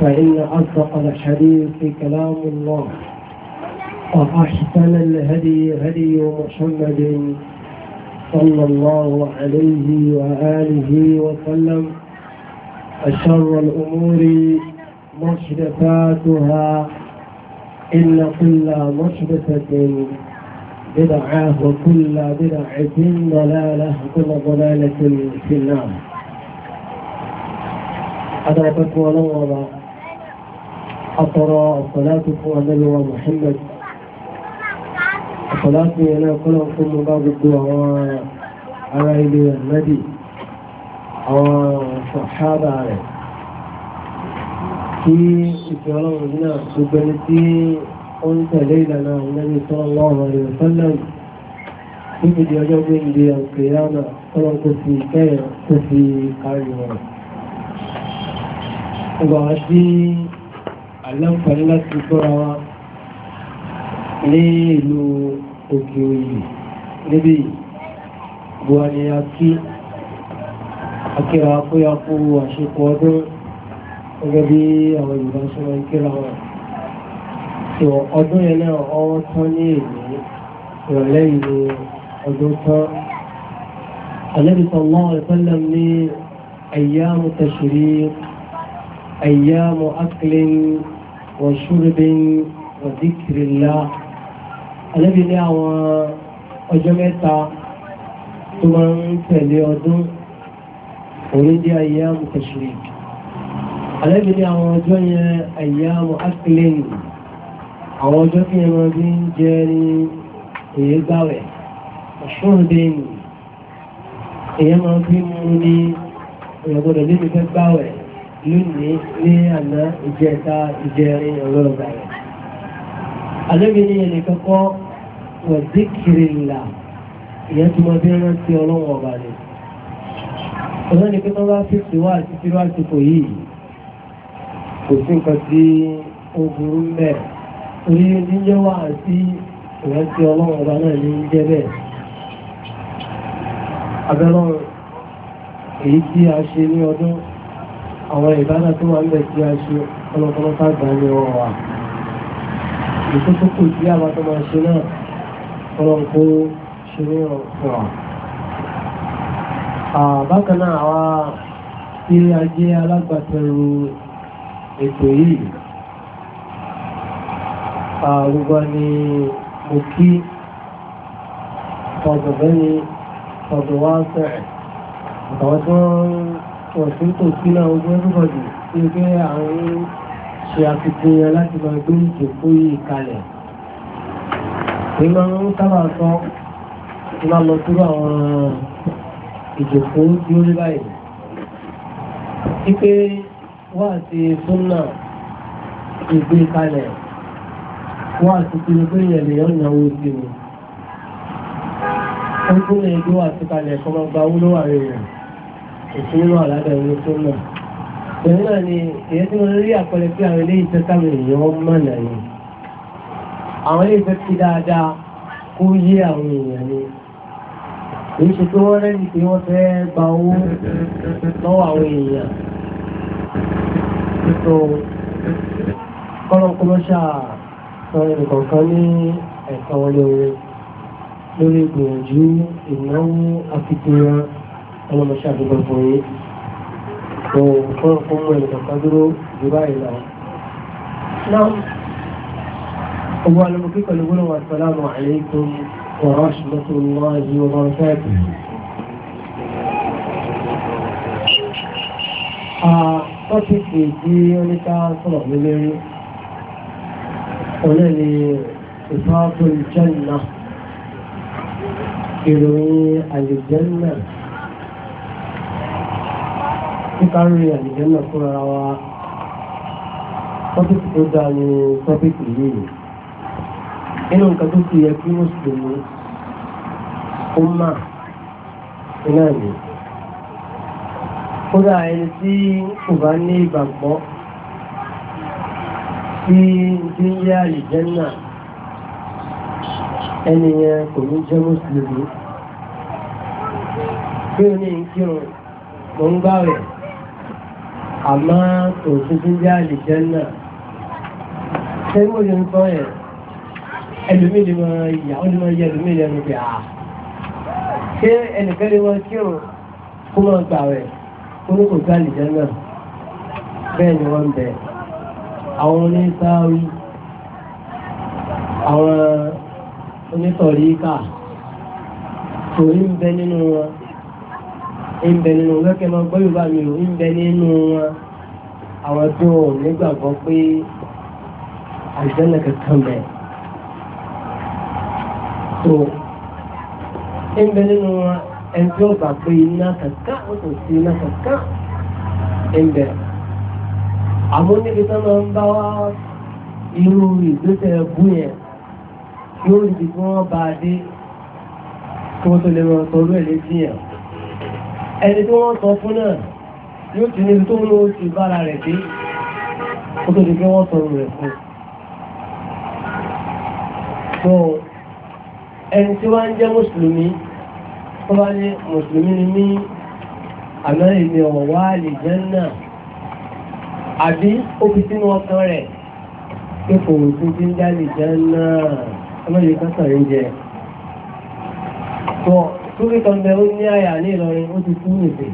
فإن أصدق الحديث كلام الله وأحسن الهدي هدي محمد صلى الله عليه وآله وسلم أشر الأمور محدثاتها إن كل محدثة بدعة وكل بدعة ضلالة كل ضلالة في النار أدركت الله أطرى صلاتك وأنه محمد صلاتي أنا كل أقوم باب الدعاء على إلي النبي وصحابة عليه في إكرام هنا سبنتي أنت ليلنا النبي صلى الله عليه وسلم في يجب عندي القيامة طبعا كفي كير كفي قائمة وبعدين aláǹfààní láti gbọ́ra wa ní ìlú òkè òyì níbi ìgbòwà ni a kí akíra fóyá fún àṣepọ̀ ọdún gẹ́gẹ́ bí àwọn Yorùbá ṣe máa ń kíra ọdún yẹn náà ọwọ́ tán ní èdè ìrọ̀lẹ́ ìlú ọdún tán النبي صلى الله ní أيام تشريق أيام أكل وشرب وذكر الله الذي له أجمعتا تمام تلي أدو ولدي أيام تشريك الذي له أجمع أيام أكل àwọn ọjọ́ tí ẹmọ bí ń jẹ ní èyí gbáwẹ̀ ṣúrùdé ní èyí máa fi mú ní ìyàgbọ́dọ̀ lè fẹ́ gbáwẹ̀ lónìí ní àná ìjẹta ìjẹrin ọ̀rọ̀ ọ̀gá yẹn. Àlẹ́bí ní ẹnì kọ́kọ́ wọ̀ díkìrì ńlá ìyẹn tí mo bí rántí ni. Ọ̀rọ̀ ni pé wọ́n bá fi tiwá àti tiwá àsìkò yìí. Kò sí nǹkan tí ó burú mẹ́. Orí níjẹ́ wà sí ìrántí ọlọ́run ọba náà ní jẹ́ bẹ́ẹ̀. Abẹ́rọ̀ èyí tí a ṣe ní ọdún àwọn ìbáná tó wà nílẹ̀ tí a ṣe ọlọ́pọlọ sáàgbà ní wọn wà ìkókókò tí a bá tó máa ṣe náà ọlọ́pọ ṣe ní ọ̀pọ̀ bákan náà àwa tí a jẹ́ alágbàtẹrù ètò yìí gbogbo ni mo kí ọ̀dọ̀bẹ́ni ọ̀dọ̀wáṣẹ̀ àtàwọn tí ọ̀sìn kò sí náà ogun everybody tí ó gbé àwọn ṣe àfihàn láti máa gbé ìjòkó yìí kalẹ̀. ìmọ̀ ń sábà sọ tí máa lọ sórí àwọn ìjòkó tí ó rí báyìí. wípé wá àti súnà ìgbé kalẹ̀ wá àti tí ó gbé ìyẹ̀lẹ̀ yọ̀ náwó sí mi. ó gbé wá sí kalẹ̀ kọ́ owó lọ́wọ́ rẹ̀ yẹn ìsinmi wà lábẹ́ omi tó mọ̀. Pẹ̀lú náà ni èyí tí mo rí àpẹẹrẹ pé àwọn ilé ìfẹ́ káwọn èèyàn mọ̀ náà ni. Àwọn ilé ìfẹ́ kí dáadáa kó yé àwọn èèyàn ni. Èyí ṣe pé wọ́n rẹ́ni pé wọ́n fẹ́ gba owó lọ́wọ́ àwọn èèyàn. Tó kọ́lọ́ kọ́lọ́ṣà sọ ẹnìkọ̀ọ̀kan ní ẹ̀ka lórí ìgbìyànjú ìnáwó akitiyan ọlọ́mọṣẹ́ àdúgbò fún yín tó fún ọkọ̀ mú ẹnì kankan dúró ju báyìí lọ. náà owó alùpùpù pẹ̀lú gbọ́dọ̀ wà sàlámù àlékún ọ̀rọ̀ ṣùgbọ́n wọ́n yí wọn fẹ́. tọ́pìkì tí ó kíkárí àdìjẹ́ náà fúnra wa tọ́pìkì tó dáa ní tọ́pìkì yìí nínú nǹkan tó ti yẹ kí mùsùlùmí ó mà náà ni kódà ẹni tí kò bá ní ìgbàgbọ́ tí ti ń yá àdìjẹ́ náà ẹni yẹn kò ní jẹ́ mùsùlùmí bí o ní kírun mo ń gbá rẹ̀ àmọ́ òṣèlú jẹ́ àlìjẹ́ náà ṣé mo lè ń sọ yẹn ẹlòmí lè mọ ìyá ó lè mọ yẹ ẹlòmí lẹ́nu pé à ah, ṣé ẹnìkan lè mọ kírun kó mọ gbà rẹ̀ kó ní kò sí àlìjẹ́ náà bẹ́ẹ̀ ni wọ́n ń àwọn oníṣáárí àwọn onítọ̀ríkà torí ń bẹ nínú wọn ìbẹ̀ nínú gẹ́gẹ́ máa gbọ́ yorùbá mi ò ìbẹ̀ nínú wọn àwọn tó nígbàgbọ́ pé àjẹ́nà kankan bẹ̀. tó ìbẹ̀ nínú wọn ẹni tí ó gbà pé iná kankan ó kò sí iná kankan ìbẹ̀. àmọ́ níbi tó máa ń bá wá irú ìgbésẹ̀ ẹ̀kú yẹn yóò di kí wọ́n bá a dé kí wọ́n tó lè rọrùn tó lóye lé sí yẹn ẹni tó wọ́n sọ fún náà yóò ti ní tó ló ti bára rẹ̀ dé kó tó di pé wọ́n sọ rẹ̀ fún so ẹni tí wọ́n ń jẹ́ mùsùlùmí tó bá ní mùsùlùmí ni mí àmọ́ èmi ọ̀wọ̀ wá lè jẹ́ náà àbí ó fi sínú ọkàn rẹ̀ pé kò wò tó ti ń dá lè jẹ́ náà ọmọ yìí kọ́sàn ń jẹ lórí kan bẹ ó ní àyà ní Ìlọrin ó ti kú nìbẹ̀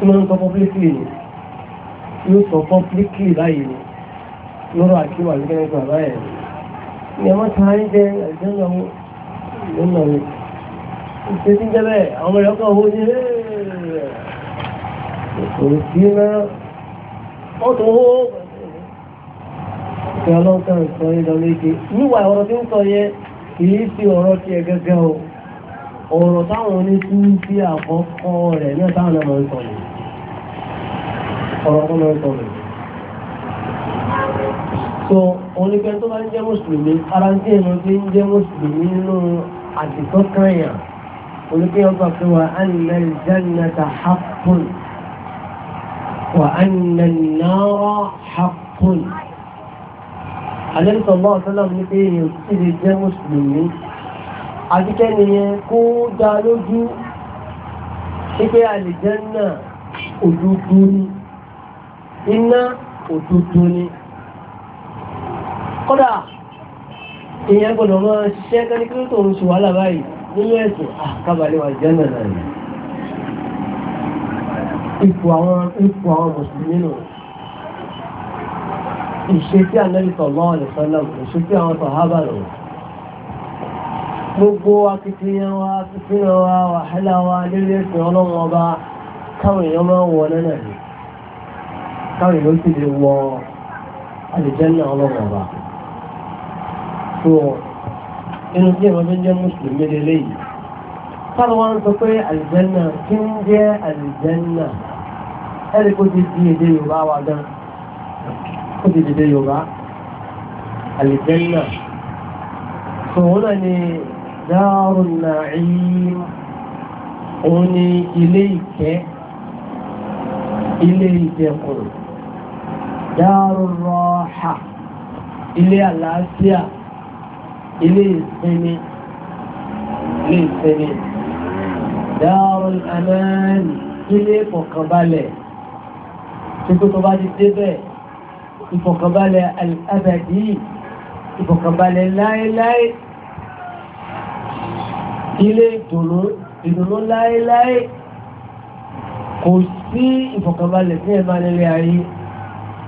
tí wọ́n ń sọ pọ́pílíkì ni yóò sọ pọ́pílíkì báyìí ni lọ́rọ̀ àkíwà ní kẹ́lẹ́ gbà báyẹ̀ ni ẹ̀mọ́ ta ń jẹ àjẹ́nà lọ́nà rẹ̀ ìṣe tí ń jẹ́ bẹ́ẹ̀ àwọn ọmọ ẹ̀kọ́ owó ní ẹ̀ẹ́rẹ̀ sí náà wọ́n tó owó ìpè ọlọ́kàn sọ ìdánilẹ́kẹ́ níwà ọ̀rọ̀ tí ń sọ yẹ kìí sí ọ̀rọ̀ tí ẹ gẹ́gẹ́ o ọ̀rọ̀ táwọn oníkú sí àkọ́kọ́ rẹ̀ náà táwọn ọmọ ìsọ̀rọ̀ ọ̀rọ̀ ọmọ ìsọ̀rọ̀ so oníkẹ́ tó bá ń jẹ́ mùsùlùmí ara tí ẹ̀nà tí ń jẹ́ mùsùlùmí nínú àdìsọ́kànyà oníkẹ́ ọgbà pé wà á nà jannata haqqun wà á nà náà haqqun alẹ́ sọ̀lọ́ ní pé èèyàn ti jẹ́ mùsùlùmí àtikẹ́ nìyẹn kó dá lójú pípẹ́ àlìjẹ́nà òdúdú ni iná òdúdú ni kódà èèyàn gbọ́dọ̀ máa ṣẹ́ kẹ́ni kí tó ń ṣe wàhálà báyìí nínú ẹ̀sìn àkábàlẹ̀ ah, wà jẹ́nà náà ni ipò àwọn ipò àwọn mùsùlùmí nù ìṣe tí ànábì sallallahu alaihi wasallam ìṣe tí àwọn sàhábà nù gbogbo akitiyan wa akitiyan wa wàhálà wa lórí ẹ̀sìn ọlọ́run ọba káwọn èèyàn máa ń wọ lọ́nà ni káwọn èèyàn sì lè wọ àlùjànnà ọlọ́run ọba. so inú bí ẹ̀rọ tó jẹ́ mùsùlùmí lélẹ́yìí táwọn wá ń sọ pé àlùjànnà kí ń jẹ́ àlùjànnà ẹ̀rí kó ti di èdè yorùbá wa gan kó ti di èdè yorùbá àlùjànnà. so náà ni dáàrù nàìm òun ni ilé ìkẹ́ ilé ìdẹ̀kùn dáàrù rọ́ọ̀hà ilé àlàáfíà ilé ìsinmi ilé ìsinmi dáàrù àmánì ilé ìfọ̀kànbalẹ̀ tó tó bá ti débẹ̀ ìfọ̀kànbalẹ̀ àbàdí ìfọ̀kànbalẹ̀ láéláé ilé ìdùnnú ìdùnnú láéláé kò sí ìfọ̀kànbalẹ̀ tí ẹ bá nílé ayé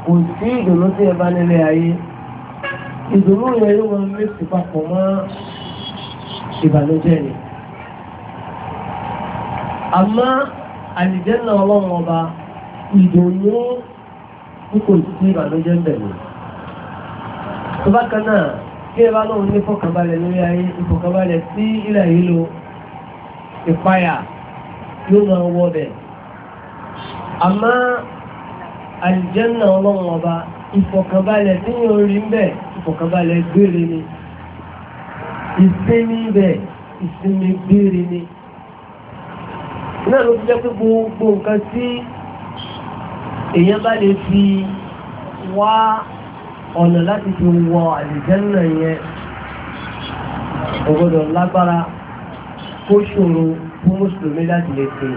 kò sí ìdùnnú tí ẹ bá nílé ayé ìdùnnú yẹn ló wọn méjì papọ̀ mọ́ ìbànújẹ́ ni àmọ́ àlìjẹ́nà ọlọ́run ọba ìdùnnú tí kò sí ìbànújẹ́ ń bẹ̀rẹ̀ tó bákan náà tí ẹ bá lóun ní fọkànbalẹ̀ lórí ayé ìfọkànbalẹ̀ tí ilẹ̀ yìí lo ìpayà yóò máa wọ bẹ̀. àmọ́ àlìjẹ́nà ọlọ́run ọba ìfọkànbalẹ̀ tí yóò rí ń bẹ̀ ìfọkànbalẹ̀ gbére ni ìsinmi bẹ̀ ìsinmi gbére ni. náà ló fi jẹ́ pé gbogbo nǹkan tí èèyàn bá lè fi wá ọ̀nà láti fi wọ àlìjẹ́nà yẹn ọgbọ́dọ̀ lágbára kó ṣòro fún mùsùlùmí láti lè ṣe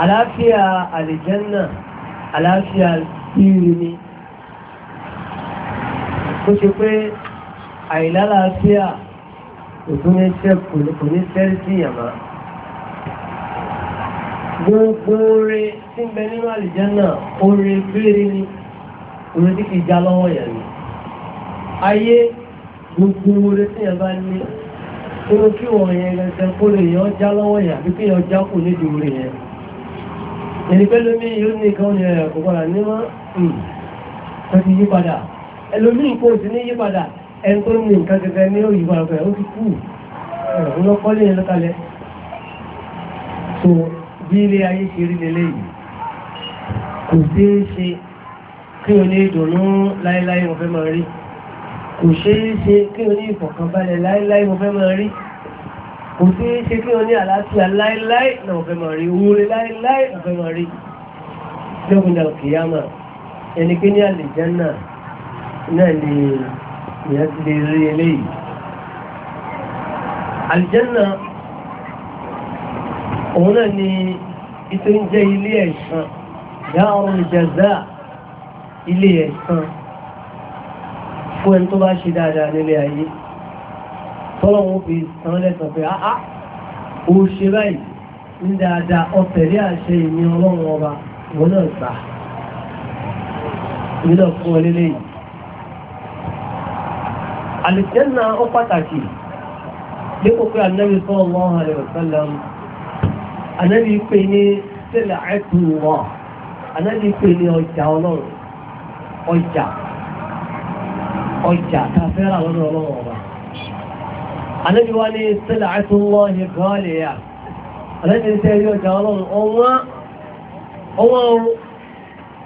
àlàáfíà àlìjẹ́nà àlàáfíà ìrù ni ó ṣe pé àìlálàáfíà òtúnṣẹ́ kò ní fẹ́rí sí ìyàmá gbogbo oore tí ń bẹ nínú àlìjẹ́nà oore péré ni òun ní kí já lọ́wọ́ yẹn ni ayé gbogbo oore tí yẹn bá ní nínú kí wọ́n yẹn gẹ́gẹ́ kó lè yọ já lọ́wọ́ yẹn àbí kí yọ já kù nídìí oore yẹn ẹni pẹ́lú mi yóò ní nǹkan ní ẹ̀rọ kò padà ní wọ́n wọ́n hmm, ti yí padà ẹlòmíì kò sí ní yí padà ẹni tó ní nǹkan gẹ́gẹ́ ní ó padà pẹ̀lú ó ti kú ọ̀rọ̀ lọ́kọ́ yẹn lọ́kalẹ̀ so bí ilé ayé ṣe rí lélẹ́yìí kò ṣeé ṣe kí o ní ìdùnnú láíláí mo fẹ́ máa rí kò ṣe é ṣe kí o ní ìfọ̀kànbalẹ̀ láíláí mo fẹ́ máa rí kò ṣe é ṣe kí o ní àlàáfíà láíláí náà mo fẹ́ máa rí oore láíláí mo fẹ́ máa rí lókùnjà kìyàmà ẹni pé ní àlìjánà náà ni ìyẹn ti lè rí eléyìí àlìjánà òun náà ni ìtò ń jẹ́ ilé ẹ̀san dáhùn ìjàzáà ilé ẹ̀san fún ẹni tó bá ṣe dáadáa nílé ayé tọ́lọ́wọ́n fi san lẹ́san pé áá o ṣe báyìí ní dáadáa ọ̀tẹ̀lé àṣẹ ìní ọlọ́run ọba wọn náà gbà nílò fún ọ lélẹ̀ yìí àlùjànnà ó pàtàkì dípò pé ànábì sallallahu alaihi wasallam ànábì pé ní sílẹ̀ àìkú wọn ànábì pé ní ọjà ọlọ́run ọjà ọjà ta fẹ́ra lọ́dọ̀ ọlọ́wọ́ ọba alẹ́bí wá ní sílẹ̀ àtúnwọ́ ní gọ́ọ̀lẹ̀ yà alẹ́bí ní sẹ́rí ọjà ọlọ́run ọwọ́n ọwọ́n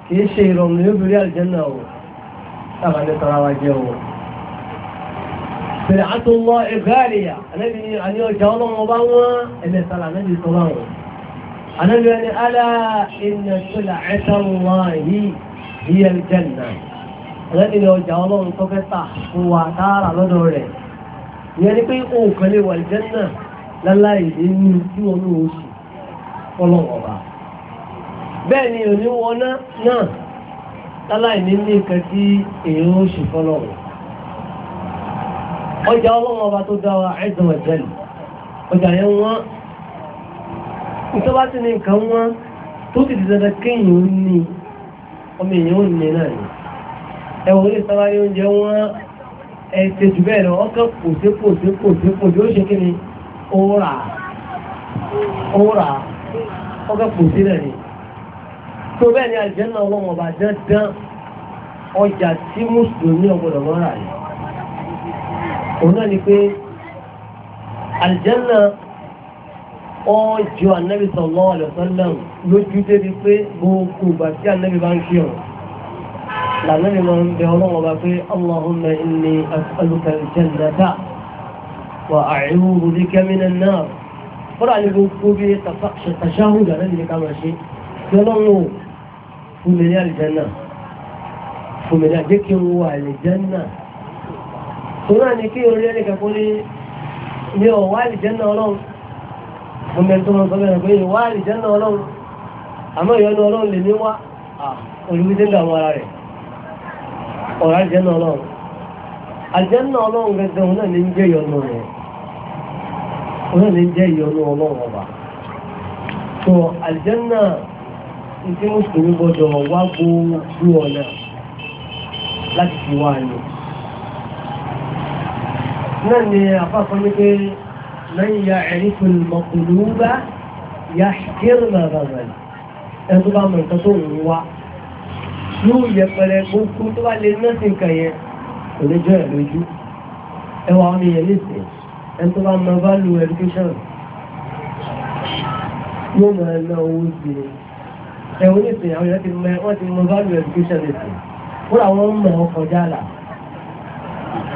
kìí ṣe ìrọ̀rùn ní obìnrin àlùjẹ́nà o sábà ní tọ́ra wa jẹ́ o sílẹ̀ àtúnwọ́ ìgọ́ọ̀lẹ̀ yà alẹ́bí ní àní ọjà hiya aljanna ẹlẹ́ni ọjà ọlọ́run tó fẹ́ tà fún wa tààrà lọ́dọ̀ rẹ̀ ìyẹn ni pé òun kan lè wà aljanna láláì lè ní tí wọn ní oṣù ọlọ́run ọba ni òní wọn náà láláì ní ní nǹkan tí èèyàn oṣù fọlọ́run ọjà ọlọ́run ọba tó dá wa azza wa jalla ọjà yẹn wọ́n ìtọ́ba ti ní nǹkan wọ́n tó ti di dandan kéèyàn ní ọmọ èèyàn ò ní náà ni ẹ̀wọ̀n ní sábàrí oúnjẹ wọn ẹ̀ẹ́sẹ̀ jù bẹ́ẹ̀ lọ ọkàn pòṣé pòṣé pòṣé pòṣé ó ṣe kí ni ó rà ó rà ọkàn pòṣé náà ni tó bẹ́ẹ̀ ni àjẹ́nà ọlọ́wọ́n ọba dandan ọjà tí mùsùlùmí ọgbọ́dọ̀ mọ́ rà ni òun náà ni pé àjẹ́nà ọjọ́ ànábì sallallahu alaihi wasallam lójú débi pé gbogbo ìgbà tí ànábì bá ń kí ọ̀ lànàbì máa ń bẹ ọlọ́wọ́ bá pé Allahumma inni as'aluka al-jannata wa a'udhu bika minan nar fọ́nà ní gbogbo bí tàṣáhùn ìgbà lẹ́nu ká máa ṣe tí ọlọ́run fún mi ní àlìjánà fún mi ní àjẹ́kí ń wo àlìjánà ní kí orí ẹnìkan kó ní ọ̀wọ́ àlìjánà ọlọ́run mo mẹ́ tó mọ́ sọ bẹ́ẹ̀ pé ìwá àlìjẹ́nà ọlọ́run àmọ́ ìyọnu ọlọ́run lè ní wá olùwíṣẹ́ ń dààmú ara rẹ̀ ọ̀rọ̀ àlìjẹ́nà ọlọ́run àlìjẹ́nà ọlọ́run gẹ́gẹ́ òun náà ní ń jẹ́ ìyọnu rẹ̀ òun náà ní ń jẹ́ ìyọnu ọlọ́run mùsùlùmí gbọdọ̀ wá gbogbo ọ̀nà láti fi wá ní náà ni àpapọ̀ ní pé من يعرف المقلوب يحكر مغبا ẹ̀tọ́ bá mọ̀ nǹkan tó ń wá yóò yẹpẹrẹ gbogbo tó bá lè náà sí nǹkan yẹn kò lè jọ ẹ̀ lójú ẹwà ọmọ èèyàn lèsè ẹ̀tọ́ bá mọ̀ value education yóò mọ̀ ẹ̀nà owó sí ẹ̀wọ̀n lèsè àwọn èèyàn ti mọ̀ value education lèsè wọ́n àwọn ọmọ ọkọ̀ jálà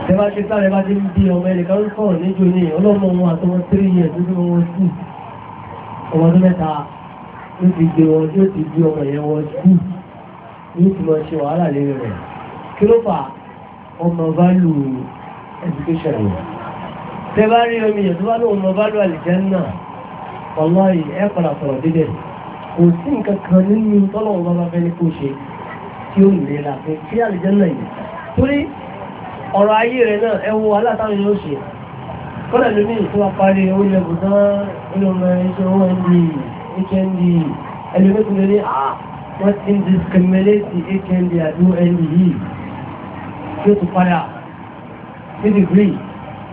ẹbá ti sáré bá ti ń bí ọmọ ẹnìkan ń kọ̀ níjò ní ọlọ́mọ wọn àtọmọ tírí yẹn tó tó wọn sí ọmọ ọdún mẹ́ta ló ti gbé wọn yóò ti gbé ọmọ yẹn wọn sí yóò ti lọ ṣe wàhálà lé rẹ̀ kí ló fà ọmọ bá education yẹn tẹ bá rí omi yẹn tó bá lóun ọmọ bá lù àlìjẹ́nà ọlọ́ọ̀yì ẹ padà sọ̀rọ̀ dídẹ̀ kò sí nǹkan kan nínú tọ́lọ́wọ́ bá bá fẹ́ ní kó ṣe tí ó nílé la pé kí àlìjẹ́nà yìí ọ̀rọ̀ ayé rẹ̀ náà ẹwọ alátàwọn yóò ṣe kọ́nà ló ní ìtura parí owó ilẹ̀ bùtán olóòmọ iṣẹ́ owó ẹni hnd ẹlẹ́gbẹ́kùnrin ní ah, à wọ́n ti ń discriminate hnd àdó ẹni yìí tí ó ti padà ní degree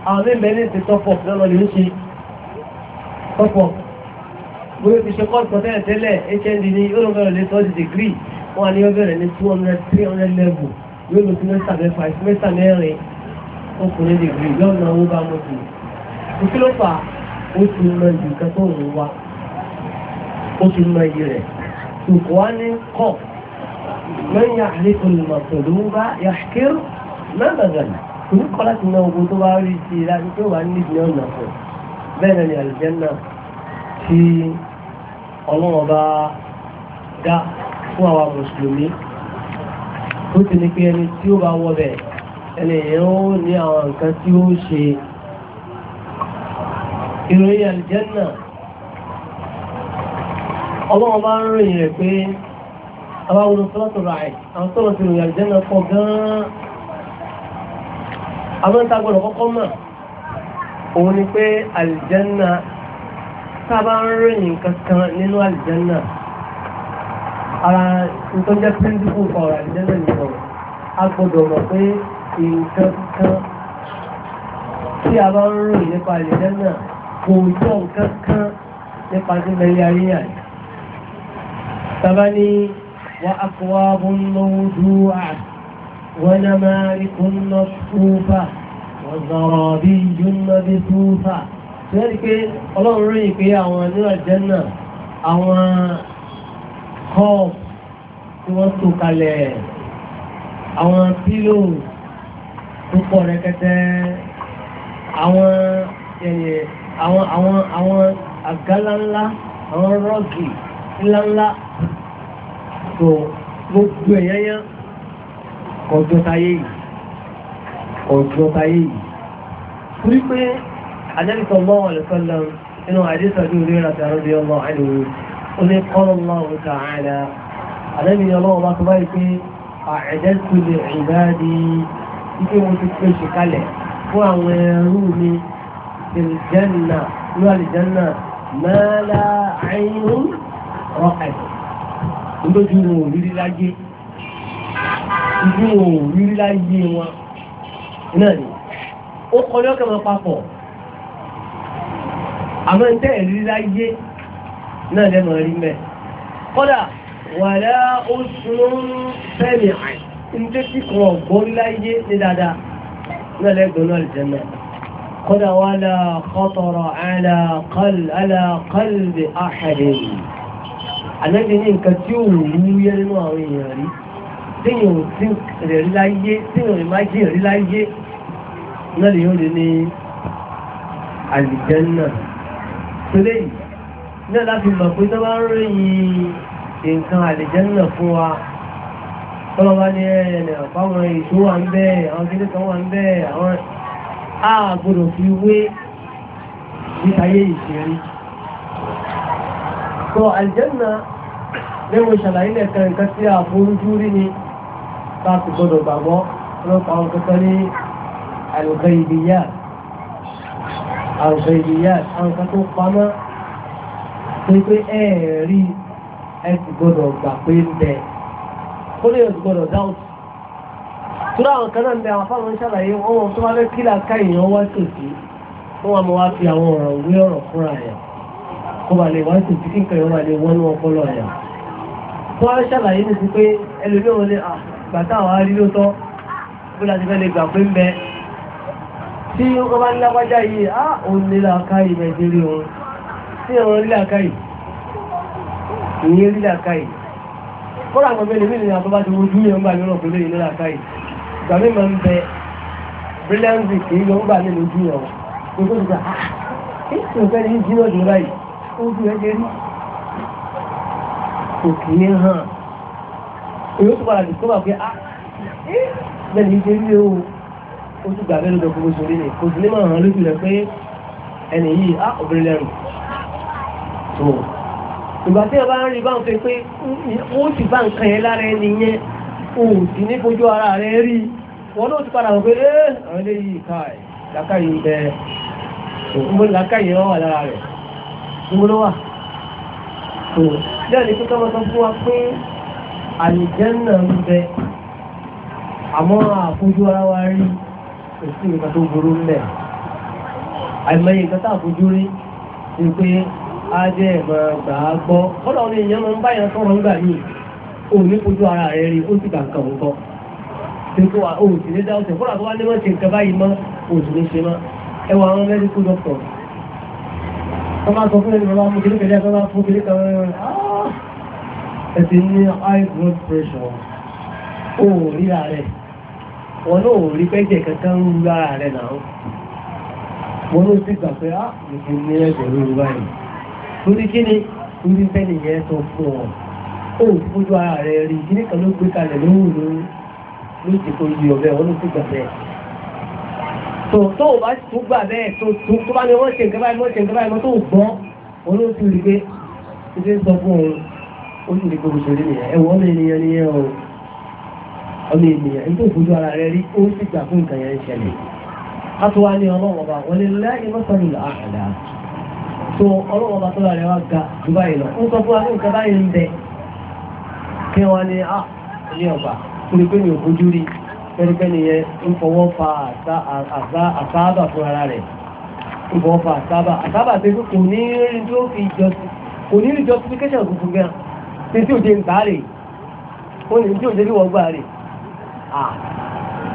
àwọn mẹ́mẹ́ ní ti tọ́pọ̀ lọ́lọ́ lè ń ṣe tọ́pọ̀ gbogbo ti ṣe kọ́ọ̀tù tẹ́lẹ̀ tẹ́lẹ̀ hnd ní olóòmọ lè tọ́ di degree wọ́n á ní ó bẹ̀rẹ̀ ní two hundred three hundred level yóò lọ sí mẹ́ta mẹ́fà sí mẹ́ta mẹ́rin ọkùnrin lè rí yóò na owó bá mọ́tò kò kí ló fà ó ti mọ nǹkan tó ń wá ó ti mọ iye rẹ̀ ṣùkọ́ á ní kọ́ mẹ́yìn àlékún ní màtòlú bá yàkírù mẹ́gbẹ̀gbẹ̀ kò kọ́ láti na owó tó bá rí sí i láti tó wà nídìí ọ̀nà fún bẹ́ẹ̀ náà ni àlùjànnà tí ọlọ́wọ́ bá dá fún àwa mùsùlùmí tó ti ní pé ẹni tí ó bá wọ bẹ̀ ẹni èèyàn ó ní àwọn nǹkan tí ó ṣe ìròyìn àlìjẹ́nà ọlọ́wọ́n bá ń ròyìn rẹ̀ pé abáwọn sọ́lọ́tọ̀ ràì àwọn sọ́lọ́tọ̀ ìròyìn àlìjẹ́nà pọ̀ gan-an àwọn ìtagbọ̀nà kọ́kọ́ mọ̀ òun ni pé àlìjẹ́nà tá a bá ń ròyìn kankan nínú àlìjẹ́nà ara tó jẹ́ píríncípù kan ọ̀rọ̀ àdìjẹ́sẹ̀ nìkan a gbọ́dọ̀ mọ̀ pé nǹkan kan tí a bá ń ròyìn nípa àdìjẹ́ náà kò jọ nǹkan kan nípa tí mẹ́lẹ́ ayé àyè sábà ní wà á kọ́ wá bó ń lọ́wọ́ wọ́n náà máa rí kó ń lọ wọ́n zọ̀rọ̀ ni pé ọlọ́run ròyìn pé àwọn nílò àdìjẹ́ náà àwọn kọ́ọ̀pù tí wọ́n tó kalẹ̀ àwọn pílò tó pọ̀ rẹ̀kẹ́tẹ́ àwọn ẹ̀yẹ àwọn àwọn àwọn àgálánlá àwọn rọ́ọ̀gì ńláńlá tó gbogbo ẹ̀yẹ́yẹ́ ọjọ́ táyé yìí ọjọ́ táyé yìí torí pé àdẹ́bìtọ̀ mọ́ ọ̀lẹ́sọ́lẹ̀ nínú àdẹ́sọ̀dún orí rẹ̀ àtàrà ọdún ọmọ àìlèwò قل قال الله تعالى الذي يرى ما تبارك أعددت لعبادي يكون تكون هو وأمروني في الجنة إلى الجنة ما لا عين رأت lójú wọn ò rírí láyé ojú wọn ò rírí láyé wọn náà ni ó kọjọ́ náà lẹ́mọ̀ rí mẹ́ kọ́dà wà láà ó sún fẹ́mi àì ń tẹ́ sí kan ọ̀gbọ́n láyé ní dáadáa náà lẹ́gbọ̀n náà lẹ́jẹ̀ náà kọ́dà wà láà kọ́tọ̀rọ̀ aláàkọ́lẹ̀ àhàrẹ̀ àlẹ́bí ní nǹkan tí ó wù ú yẹ náà láti mọ̀ pé tó bá ń ròyìn nǹkan àlìjẹ́nà fún wa tọ́lọ́ bá ní ẹ̀ẹ̀nà fáwọn èso wà ń bẹ́ẹ̀ àwọn kílé kan wà ń bẹ́ẹ̀ àwọn àgbọ̀dọ̀ fi wé nítayé ìṣẹ́rí sọ àlìjẹ́nà lẹ́wọ̀n ṣàlàyé lẹ́ẹ̀kan nǹkan tí a forújú rí ni ta ti gbọ́dọ̀ gbàgbọ́ lọ́pàá àwọn kankan ní àlùkọ ìbíyà àlùkọ ìbíyà àwọn kan tó pamọ́ ní pé ẹ̀ẹ̀rí ẹ̀sì gbọ́dọ̀ gbà pé ń bẹ̀ ó lè ẹ̀sì gbọ́dọ̀ dáùtù tó dáwọn kan náà ń bẹ àwọn fáwọn ṣàlàyé wọn wọn tó wá lẹ́ kílà káyìyàn wá tòsí wọn wọn wá fi àwọn ọ̀rọ̀ wé ọ̀rọ̀ fúnra yẹn kó ba lè wá tòsí kí nǹkan yẹn wà lè wọnú ọpọlọ yẹn tó wá ṣàlàyé ní ti pé ẹlòmíràn wọn lè gbàtà àwọn arílótọ́ bó láti fẹ́ lè gbà pé ń bẹ tí ó bá ń lágbájá yìí sí ọ̀rọ̀ lílàkàì ìyẹn lílàkàì kọ́lá àgbẹ̀bẹ̀ lè mílíọ̀nù àtọ́bá ti wojú yẹn ń gbà lọ́rọ̀ pẹ̀lú ìlú làkàì ìgbà mí máa ń bẹ brilliance kì í lọ ń gbà ní ojú yẹn o kò tó ti gbà á èsì ọ̀fẹ́ ní jìnnà jù báyìí ojú ẹ̀ jẹ́ rí kò kì í hàn èyí tó padà dìkọ́ bà pé á ah, bẹ́ẹ̀ ni ìdí rí o ó tún gbà bẹ́ẹ̀ lọ́dọ̀ gbogbo sórí ni kò sí ní ẹni yìí á ah, obìnrin lẹ́rù fún un ìgbà tí ọba ń rí bá ń fi pé wọ́n ti bá nǹkan yẹn lára ẹni yẹn o sì ní fojú ara rẹ rí wọn náà ti padà wọ pé ẹ́ eh, àwọn eléyìí ká ẹ̀ làkàyè ń bẹ ìgbó làkàyè wọn wà lára rẹ̀ àmọ́ àfojú ara wa rí èsì ìgbà tó burú ń bẹ àìmọye ìgbà tá àfojú rí ni pé ajẹ́ ìmọ̀ gbàgbọ́ kọ́lọ̀ ní ìyẹn máa ń báyàn sọ̀rọ̀ ńgbà yìí ò ní kojú ara rẹ̀ rí ó sì gbà kàn ń kọ́ tẹ́kọ̀ ò sì ní dá ọ̀sẹ̀ kọ́lọ̀ tó wá ní mọ́ ṣe nǹkan báyìí mọ́ ò sì ní ṣe mọ́ ẹ wọ àwọn medical doctor wọ́n máa sọ fún ẹni bàbá fún kìlíkẹ̀lẹ́ bàbá fún kìlíkẹ̀lẹ́ ẹ ti ní high blood pressure ó rí ara rẹ̀ wọn náà ò rí pẹ́jẹ̀ kankan ń rú ara rẹ̀ náà wọn ló sì gbà pé ah! á torí kí ni orí bẹ́ẹ̀ni yẹn sọ fún ọ ó fojú ara rẹ rí kíní kan ló gbé kalẹ̀ lóhùn ló ló ti kó yí ọbẹ̀ wọn ló ti gbà bẹ́ẹ̀ tó tó o bá tó gbà bẹ́ẹ̀ tó tó tó bá ní wọ́n ṣe nǹkan báyìí wọ́n ṣe nǹkan báyìí wọ́n tó gbọ́ wọn ló ti rí pé ṣe sọ fún òun ó sì rí pé òṣèré nìyẹn ẹ̀wọ̀n ọmọ ènìyàn nìyẹn o ọmọ ènìyàn ní tó ara rẹ rí ó sì gbà fún nǹkan yẹn ṣẹlẹ̀ a tó wá ní ọlọ́wọ́ bá wọlé láì mọ́sánù àkàdá tó ọlọ́wọ́ bá tọ́lá rẹ̀ wá ga jù báyìí lọ ń sọ fún wa ní nǹkan báyìí ń bẹ kí wọ́n ní à ah, ní ọ̀gbà torí pé mi ò fojú rí pẹ́ẹ́nipẹ́ni yẹn ń fọwọ́ fa àsáábà fún ara rẹ̀ ń fọwọ́ fa àsáábà àsáábà pé kò ní rí tó fi jọsí kò ní rí justification gbogbo gan ní tí òde ń gbà rè ó ní tí òde bí wọ́n gbà rè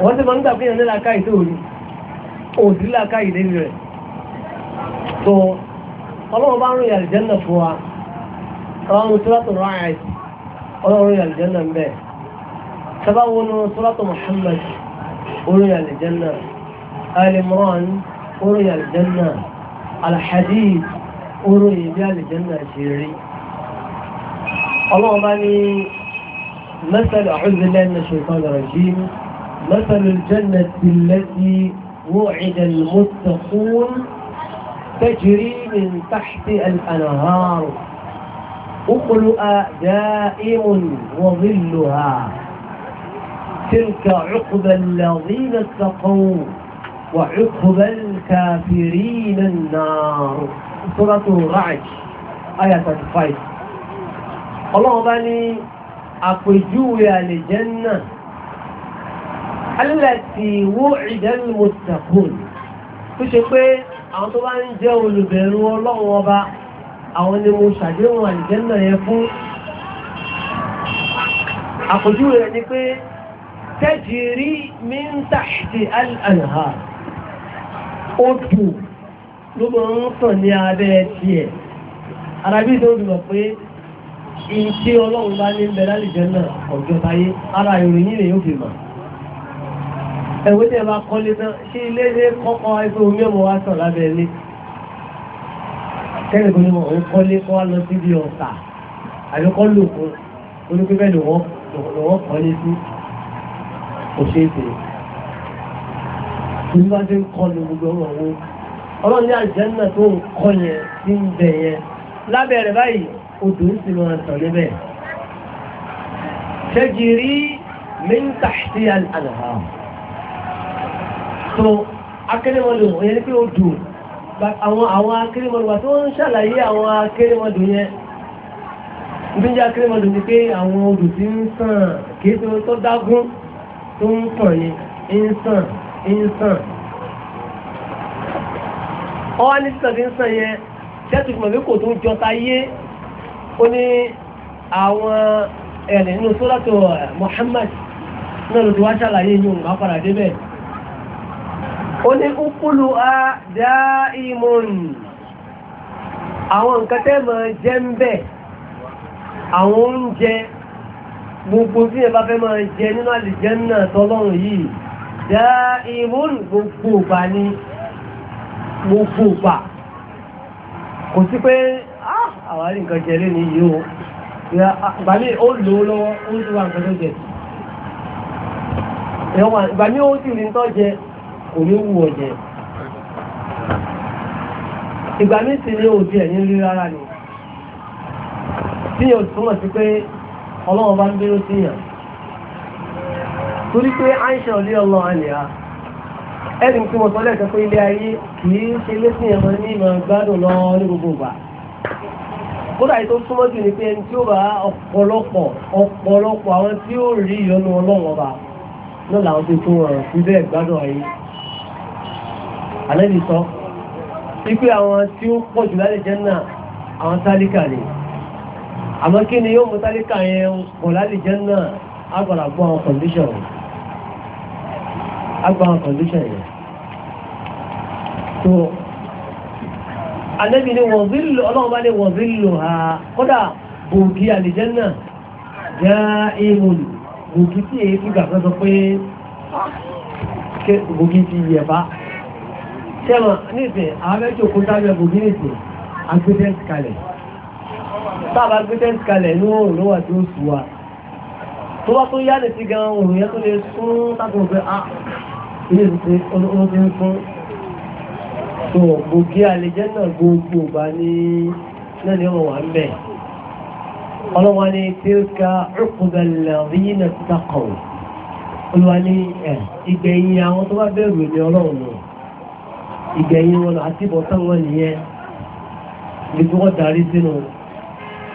wọ́n ti máa ń gbà pé yẹn ní làákàyè tó rí òsì làákàyè lé rẹ̀ tó ọlọ́run bá ń rìn àlìjẹ́nà fún wa ọlọ́run sọ́lọ́tò ráìt ọlọ́run rìn àlìjẹ́nà ń bẹ̀ sábà wọnú sọ́lọ́tò Muhammad orin àlìjẹ́nà alimran orin àlìjẹ́nà alhadid orin ìdí àlìjẹ́nà ṣe rí ọlọ́run bá ní مثل أعوذ بالله من الشيطان الرجيم مثل الجنة التي وعد المتقون تجري من تحت الأنهار أخلأ دائم وظلها تلك عقبى الذين اتقوا وعقبى الكافرين النار سورة الرعج آية 35 الله بني أقجويا لجنة التي وعد المتقون تشكي àwọn tó bá ń jẹ́ olùbẹ̀rù ọlọ́run ọba àwọn ni mo ṣàdéhùn àlìjẹ́nà yẹn fún àpòjúwe rẹ̀ ni pé tẹ́jìrí mi ń tàṣìtì àlànà odò ló máa ń tàn ní abẹ́ tiẹ̀ arábí tó dùn pé ìṣe ọlọ́run bá ní bẹ̀rẹ̀ àlìjẹ́nà ọjọ́ táyé ara ìròyìn rẹ̀ yóò fi mọ̀ ẹ̀wọ́ tẹ́ bá kọ́lé tán ṣe ilé ilé kọ́kọ́ ẹgbẹ́ omi ọmọ wa sàn lábẹ́ ilé kẹ́lẹ̀ kó ní wọn òun kọ́lé kọ́ wá lọ síbi ọ̀tà àbí kọ́ lòkun onípé bẹ́ẹ̀ lọ́wọ́ kọ́lé sí òṣèṣe tó ní bá ti ń kọlu gbogbo ọmọ wọn ọlọ́run ní àlùjánnà tó ń kọ́ yẹn ti ń bẹ̀ yẹn lábẹ́ rẹ̀ báyìí odò ń sì máa tàn níbẹ̀ ṣẹ́gi rí mí ń tàṣí àlàáhà tó akérèmọdò òun yẹn pé odò àwọn àwọn akérèmọdò wà tó ń ṣàlàyé àwọn akérèmọdò yẹn ìdí jẹ́ ni pé àwọn odò tí ń sàn kìí tó tó dágún tó ń kàn ní sàn ń ní ń sàn yẹn tẹ́tù ó ní ukulu a dáìmùn àwọn nǹkan tẹ́ mọ̀ jẹ́ ń bẹ̀ àwọn oúnjẹ gbogbo tí ẹ bá fẹ́ mọ̀ jẹ nínú àlìjẹ́nà tọ́lọ́run yìí dáìmùn gbogbo ìgbà ni gbogbo ìgbà kò sí pé ah, àwárí nǹkan jẹ lé ní yìí o ìgbàmí ó lò ó lọ́wọ́ ó ń kò ní wù ọ̀jẹ̀ ìgbà mí sì ní òbí ẹ̀ ní rí rárá ni tí yóò sí pé ọlọ́wọ́ bá ń bínú sí yàn pé Aisha ọ̀lẹ́ ọlọ́ àlẹ́à ẹni tí mo sọ lẹ́ẹ̀kẹ́ ilé ayé kìí ṣe ẹ̀mọ́ ní ìmọ̀ gbádùn lọ ní gbogbo ìgbà kódà jù ní pé ẹni tí ó bá ọ̀pọ̀lọpọ̀ ọ̀pọ̀lọpọ̀ àwọn tí ó rí ìyọnu ọlọ́wọ́ bá ànábì sọ wípé àwọn tí ó pọ̀ jù lálẹ́ jẹ́ náà àwọn tálíkà ni àmọ́ kí ni yóò mú tálíkà yẹn pọ̀ lálẹ́ jẹ́ náà agbára gbọ́ àwọn condition agbá àwọn condition yẹn so ànábì ni wọ́n bí ọlọ́run bá ní wọ́n bí ha kódà bòókì àlìjẹ́ náà jẹ́ ìmùlù bòókì tí èyí fi gbàgbọ́ sọ pé ah, bòókì ti yẹ̀fà. Ṣẹ́mọ̀ ní ìsìn, àwọn mẹ́jọ kó sábẹ̀ bò ní ìsìn, agbẹ́tẹ́ǹtì kalẹ̀. Táàbà agbẹ́tẹ́ǹtì kalẹ̀ ní òun ló wà tí ó sù wa. Tó bá tó yáde sí gan òun yẹn tó lè sún tábìlì pé á ah, ilé ìsìn olóhùn ti ń sún. Tó gbòógì àlejẹ́ náà gbogbo bá ní náà ìgbẹ̀yìn àwọn tó bá bẹ̀rù ní Ọlọ́run ìgbẹ̀yìn wọn àti ìbọ̀tán wọn nìyẹn ibi tí wọ́n darí sínú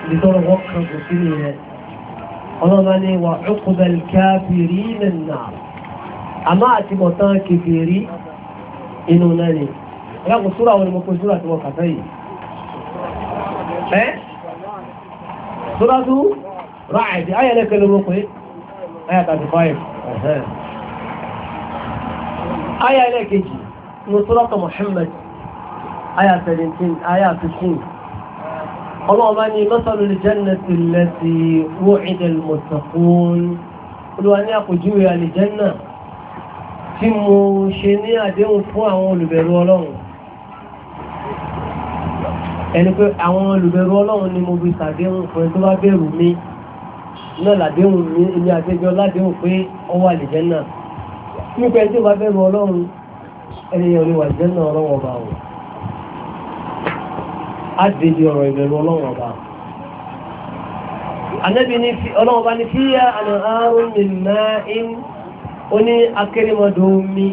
ibi tọ́rọ wọ́n kan kò sí nìyẹn ọlọ́mọ ni wà uqbal kafirina náà àmá àti ìbọ̀tán kèfèrí inú náà ni ẹ̀yà kò súra wọn ni mo kó súra tí wọ́n kàtọ́ yìí ẹ́ súra ráàdì ayẹlẹ́kẹ́ ló mọ́ pé ayà 35 ayà ẹlẹ́kejì nusrata muhammad aya 17 aya 15 ọlọ́ọ̀bá ni masalu aljannati allati wu'ida almuttaqun olúwa ní àpòjúwe àlìjẹ́nà tí mo ṣe ní àdéhùn fún àwọn olùbẹ̀rù ọlọ́run ẹni pé àwọn olùbẹ̀rù ọlọ́run ni mo fi sàdéhùn fún ẹ tó bá bẹ̀rù mi náà làdéhùn mi ilé àgbẹjọ ládéhùn pé ọwọ́ àlìjẹ́nà nípa ẹ bá bẹ̀rù ọlọ́run ẹni yẹn olè wà jẹ́nà ọlọ́wọ́ ọba o á dé di ọ̀rọ̀ ìbẹ̀rù ọlọ́wọ́ ọba anabi ni ọlọ́wọ́ ọba ni fíyà àlùhárùn mi máa ń ó ní akérèmọdò omi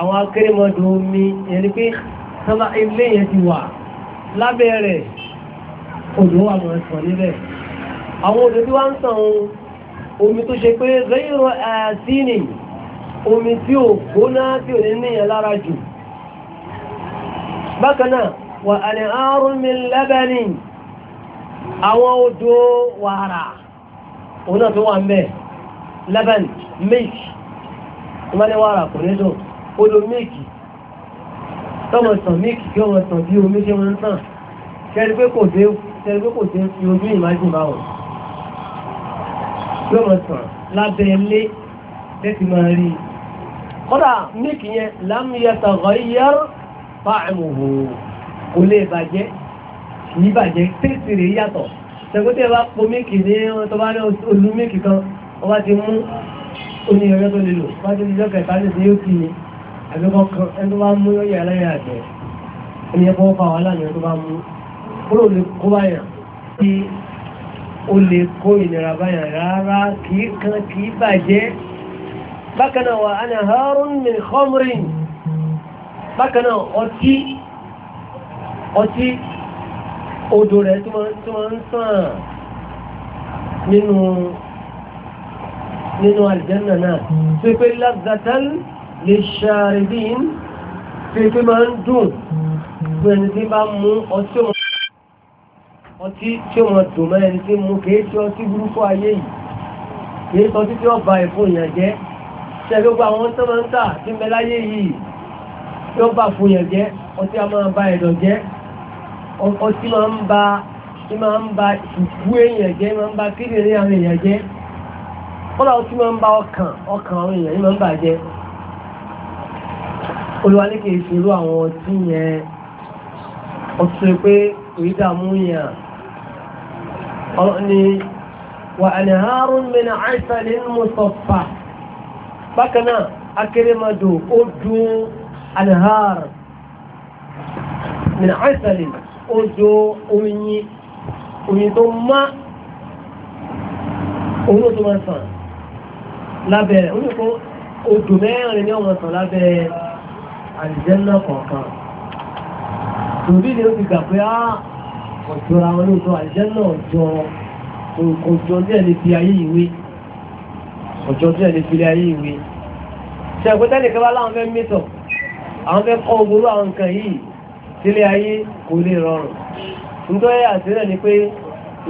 àwọn akérèmọdò omi ìyẹn ni pé sábà ilé yẹn ti wà lábẹ́ rẹ̀ odò wà mọ̀ ẹ̀sán níbẹ̀ àwọn odò tí wọ́n ń sàn omi tó ṣe pé rẹ́yìnrọ̀ àtìní omi tí ò gbóná tí ò ní níyàn lára jù bákanáà wà àní àárùn mi lẹ́bẹ̀ẹ́nì àwọn odò wàrà òun náà tó wà ń bẹ̀ lẹ́bẹ̀ẹ́nì méjì tó bá ní wàrà kò ní dùn odò méjì tọ́mọ̀ sàn méjì kí wọ́n sàn bí omi ṣe wọ́n sàn kẹ́rí pé ojú ìmájìn báwọn yóò mọ̀ sàn lábẹ́ ilé tẹ́tì máa rí kọ́dà mílìkì yẹn lámúyẹta ọ̀yẹ́r fáàmùhù kò lè bàjẹ́ ní bàjẹ́ tẹ́sì rẹ̀ yàtọ̀ tẹ̀gbọ́tẹ̀ bá po mílìkì ní tó bá ní olú mílìkì kan wọ́n bá ti mú oní ọ̀yọ́ tó lè lò wọ́n ti lọ́jọ́ kẹta ní ti yóò fi àbíkọ́ kan ẹni tó bá mú yọ yàrá yàrá jẹ ẹni ẹ fọwọ́ fa wàhálà ni ẹni tó bá mú kúrò lè kó báyà kí ó lè kó ìnira báyà rárá kì í kan kì í bàjẹ́ bákanáà wà anaharun min khamrin bákanáà ọtí ọtí odò rẹ̀ tó máa ń sàn nínú nínú aljanna náà tó pé lazatan lè ṣàrìbín tó pé máa ń dùn pẹ̀lú tí bá mú ọtí ọmọ tí ó mọ̀ tò mẹ́rin tí mú kìí tí ọtí burúkú ayé yìí kìí sọ títí ọba ẹ̀fọ́ ìyànjẹ́ ṣe gbogbo àwọn sọ́mọ́ńtà tí mẹ́láyé yìí yóò bá fòyàn jẹ́ ọtí a máa ba ẹ̀dọ̀ jẹ́ ọtí máa ń ba tí máa ń ba ìfú èèyàn jẹ́ máa ń ba kíndìnrín àwọn èèyàn jẹ́ kọ́lá ọtí máa ń ba ọkàn ọkàn àwọn èèyàn máa ń bà jẹ́ olùwálékè ìṣòro àwọn ọtí yẹn ọtí pé òyì dààmú yẹn ọ̀rọ̀ ni wà ẹ̀nì àárún mi ní àìsàn ní mùsọ̀fà bákan náà akérèmọdò ó dún anahar min asali ó dún oyin oyin tó má òun ló tó máa sàn lábẹ́ rẹ̀ oyin tó odò mẹ́rin ní ọmọ sàn lábẹ́ àlìjẹ́nà kọ̀ọ̀kan tòbí ni ó ti gbà pé á ọ̀jọ́ra wọn ló sọ àlìjẹ́nà ọ̀jọ́ nǹkan ní ẹ̀ fi ayé ìwé ọjọ́ tí ẹ̀ lè fi lé ayé ìwé ṣe àgbẹ́tẹ́ nìkan bá láwọn fẹ́ mẹ́tọ̀ àwọn fẹ́ kọ́ ogoro àwọn nǹkan yìí sílé ayé kò lè rọrùn nítorí àtìrẹ́ ni pé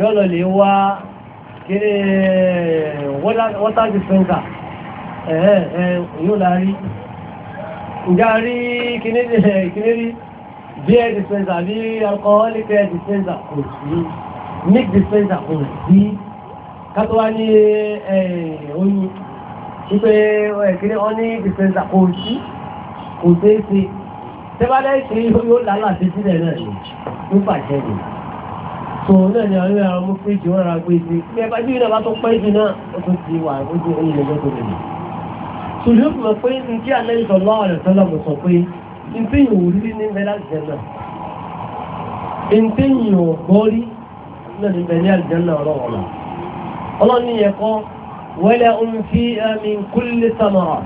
yọ́lọ̀ lè wá kéré eh, water dispenser yóò la rí ìjà rí kìnìrí eh, beer dispenser bí alcoholic beer dispenser kò sí milk dispenser kò sí kátó wá ní oyin wípé ẹ̀kiri wọn ní dìfẹ́nsà kò sí kò sí sí tẹ́bálẹ́ ìṣe yóò lálà sí sílẹ̀ náà ní ló bàjẹ́ ni tó náà ni àwọn ẹ̀rọ mú fíjì wọn ra gbé sí ní ẹ̀bá bí ìrìnàbá tó pẹ́ jù náà ó tún ti wà ojú oyin lọ́jọ́ tó lè tòlú ó fi mọ̀ pé ní kí alẹ́ ìsọ̀lọ́ ọ̀rẹ́ sọ́lọ́ mo sọ pé ní tí yòó rí ní bẹ́lá jẹ́ náà ní tí yòó gbọ́ rí náà ní ọlọ́ni yẹn kan wẹ́lẹ̀ ń fi ẹ̀mí kúlẹ̀ samara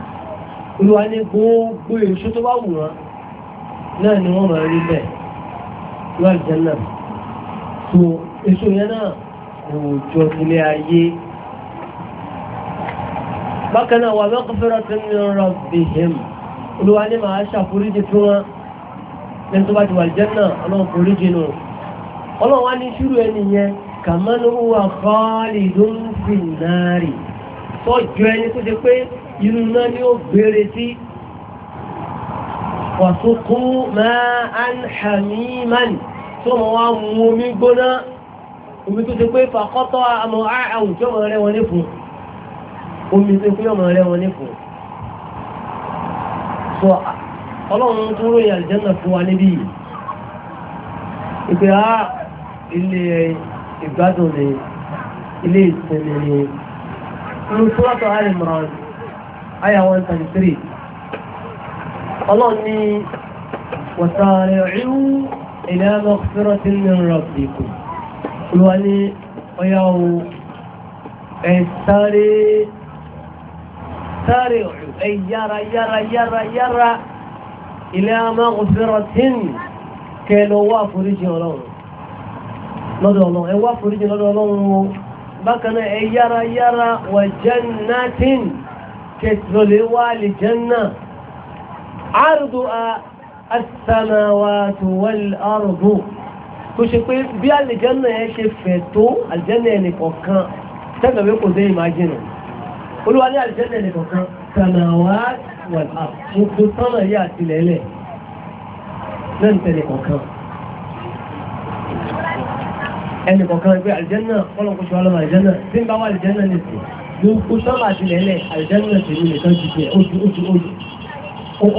olúwa ní gbogbo èso tó bá wù wọn náà ni wọ́n máa rí bẹ́ẹ̀ lọ́wọ́ àlùjẹ́ náà so èso yẹn náà kò jọ ilé ayé bákan náà wà mẹ́kọ̀fẹ́rẹ́ tó ní ọ̀rọ̀ bìhìm olúwa ní màá ṣàforíjì fún wọn lẹ́nu tó bá ti wà àlùjẹ́ náà ọlọ́run foríjì nù ọlọ́run wá ní ṣúrù ẹni yẹn kàmánú wà fọ́ọ̀lì ló ń fi náà rì tọ́jú ẹni tó ṣe pé inú náà ni ó gbére sí wàtúkú máa ń hàmíman tó mọ̀ wá mú omi gbóná omi tó ṣe pé fàkọ́tọ́ àmọ́ àwùjọ mọ̀ rẹ̀ wọn ní fún omi tó ṣe pé rẹ̀ wọn ní fún ọlọ́run tó ròyìn àlìjẹ́nà fún wa níbí ìpè á ah, ilé ẹ̀yìn ìgbádùn ni ilé ìsinmi ni inú sọ́lọ́tọ̀ Al-Imran aya 133 ọlọ́run ní wasari'u ila maghfiratin min rabbikum olúwa ní ọya ohun ẹ̀sáré sáré ẹ̀yára yára yára yára ila maghfiratin kẹlọ wà foríjì ọlọ́run lọ́dọ̀ ọlọ́run ẹ wá foríjì lọ́dọ̀ ọlọ́run o bákan náà ẹ yára yára wà jannatin kẹtìlọ́lẹ̀ wà lè janna àrùdù as-samawatu wal-ardu tó ṣe pé bí àlìjẹ́nà ẹ ṣe fẹ̀ tó àlìjẹ́nà ẹ nìkọ̀ọ̀kan tẹ́gbẹ̀wé kò dé ìmájìnà olúwa ní àlìjẹ́nà ẹ nìkọ̀ọ̀kan samawatu ẹni kọ̀ọ̀kan pé àlìjẹ́nà kọ́lọ̀kọ́ ṣe wá lọ́mọ àlìjẹ́nà tí ń bá wà àlìjẹ́nà ní sí ló kó sọ́mà àti lẹ́lẹ̀ àlìjẹ́nà sí ní ìtàn ti jẹ oṣù oṣù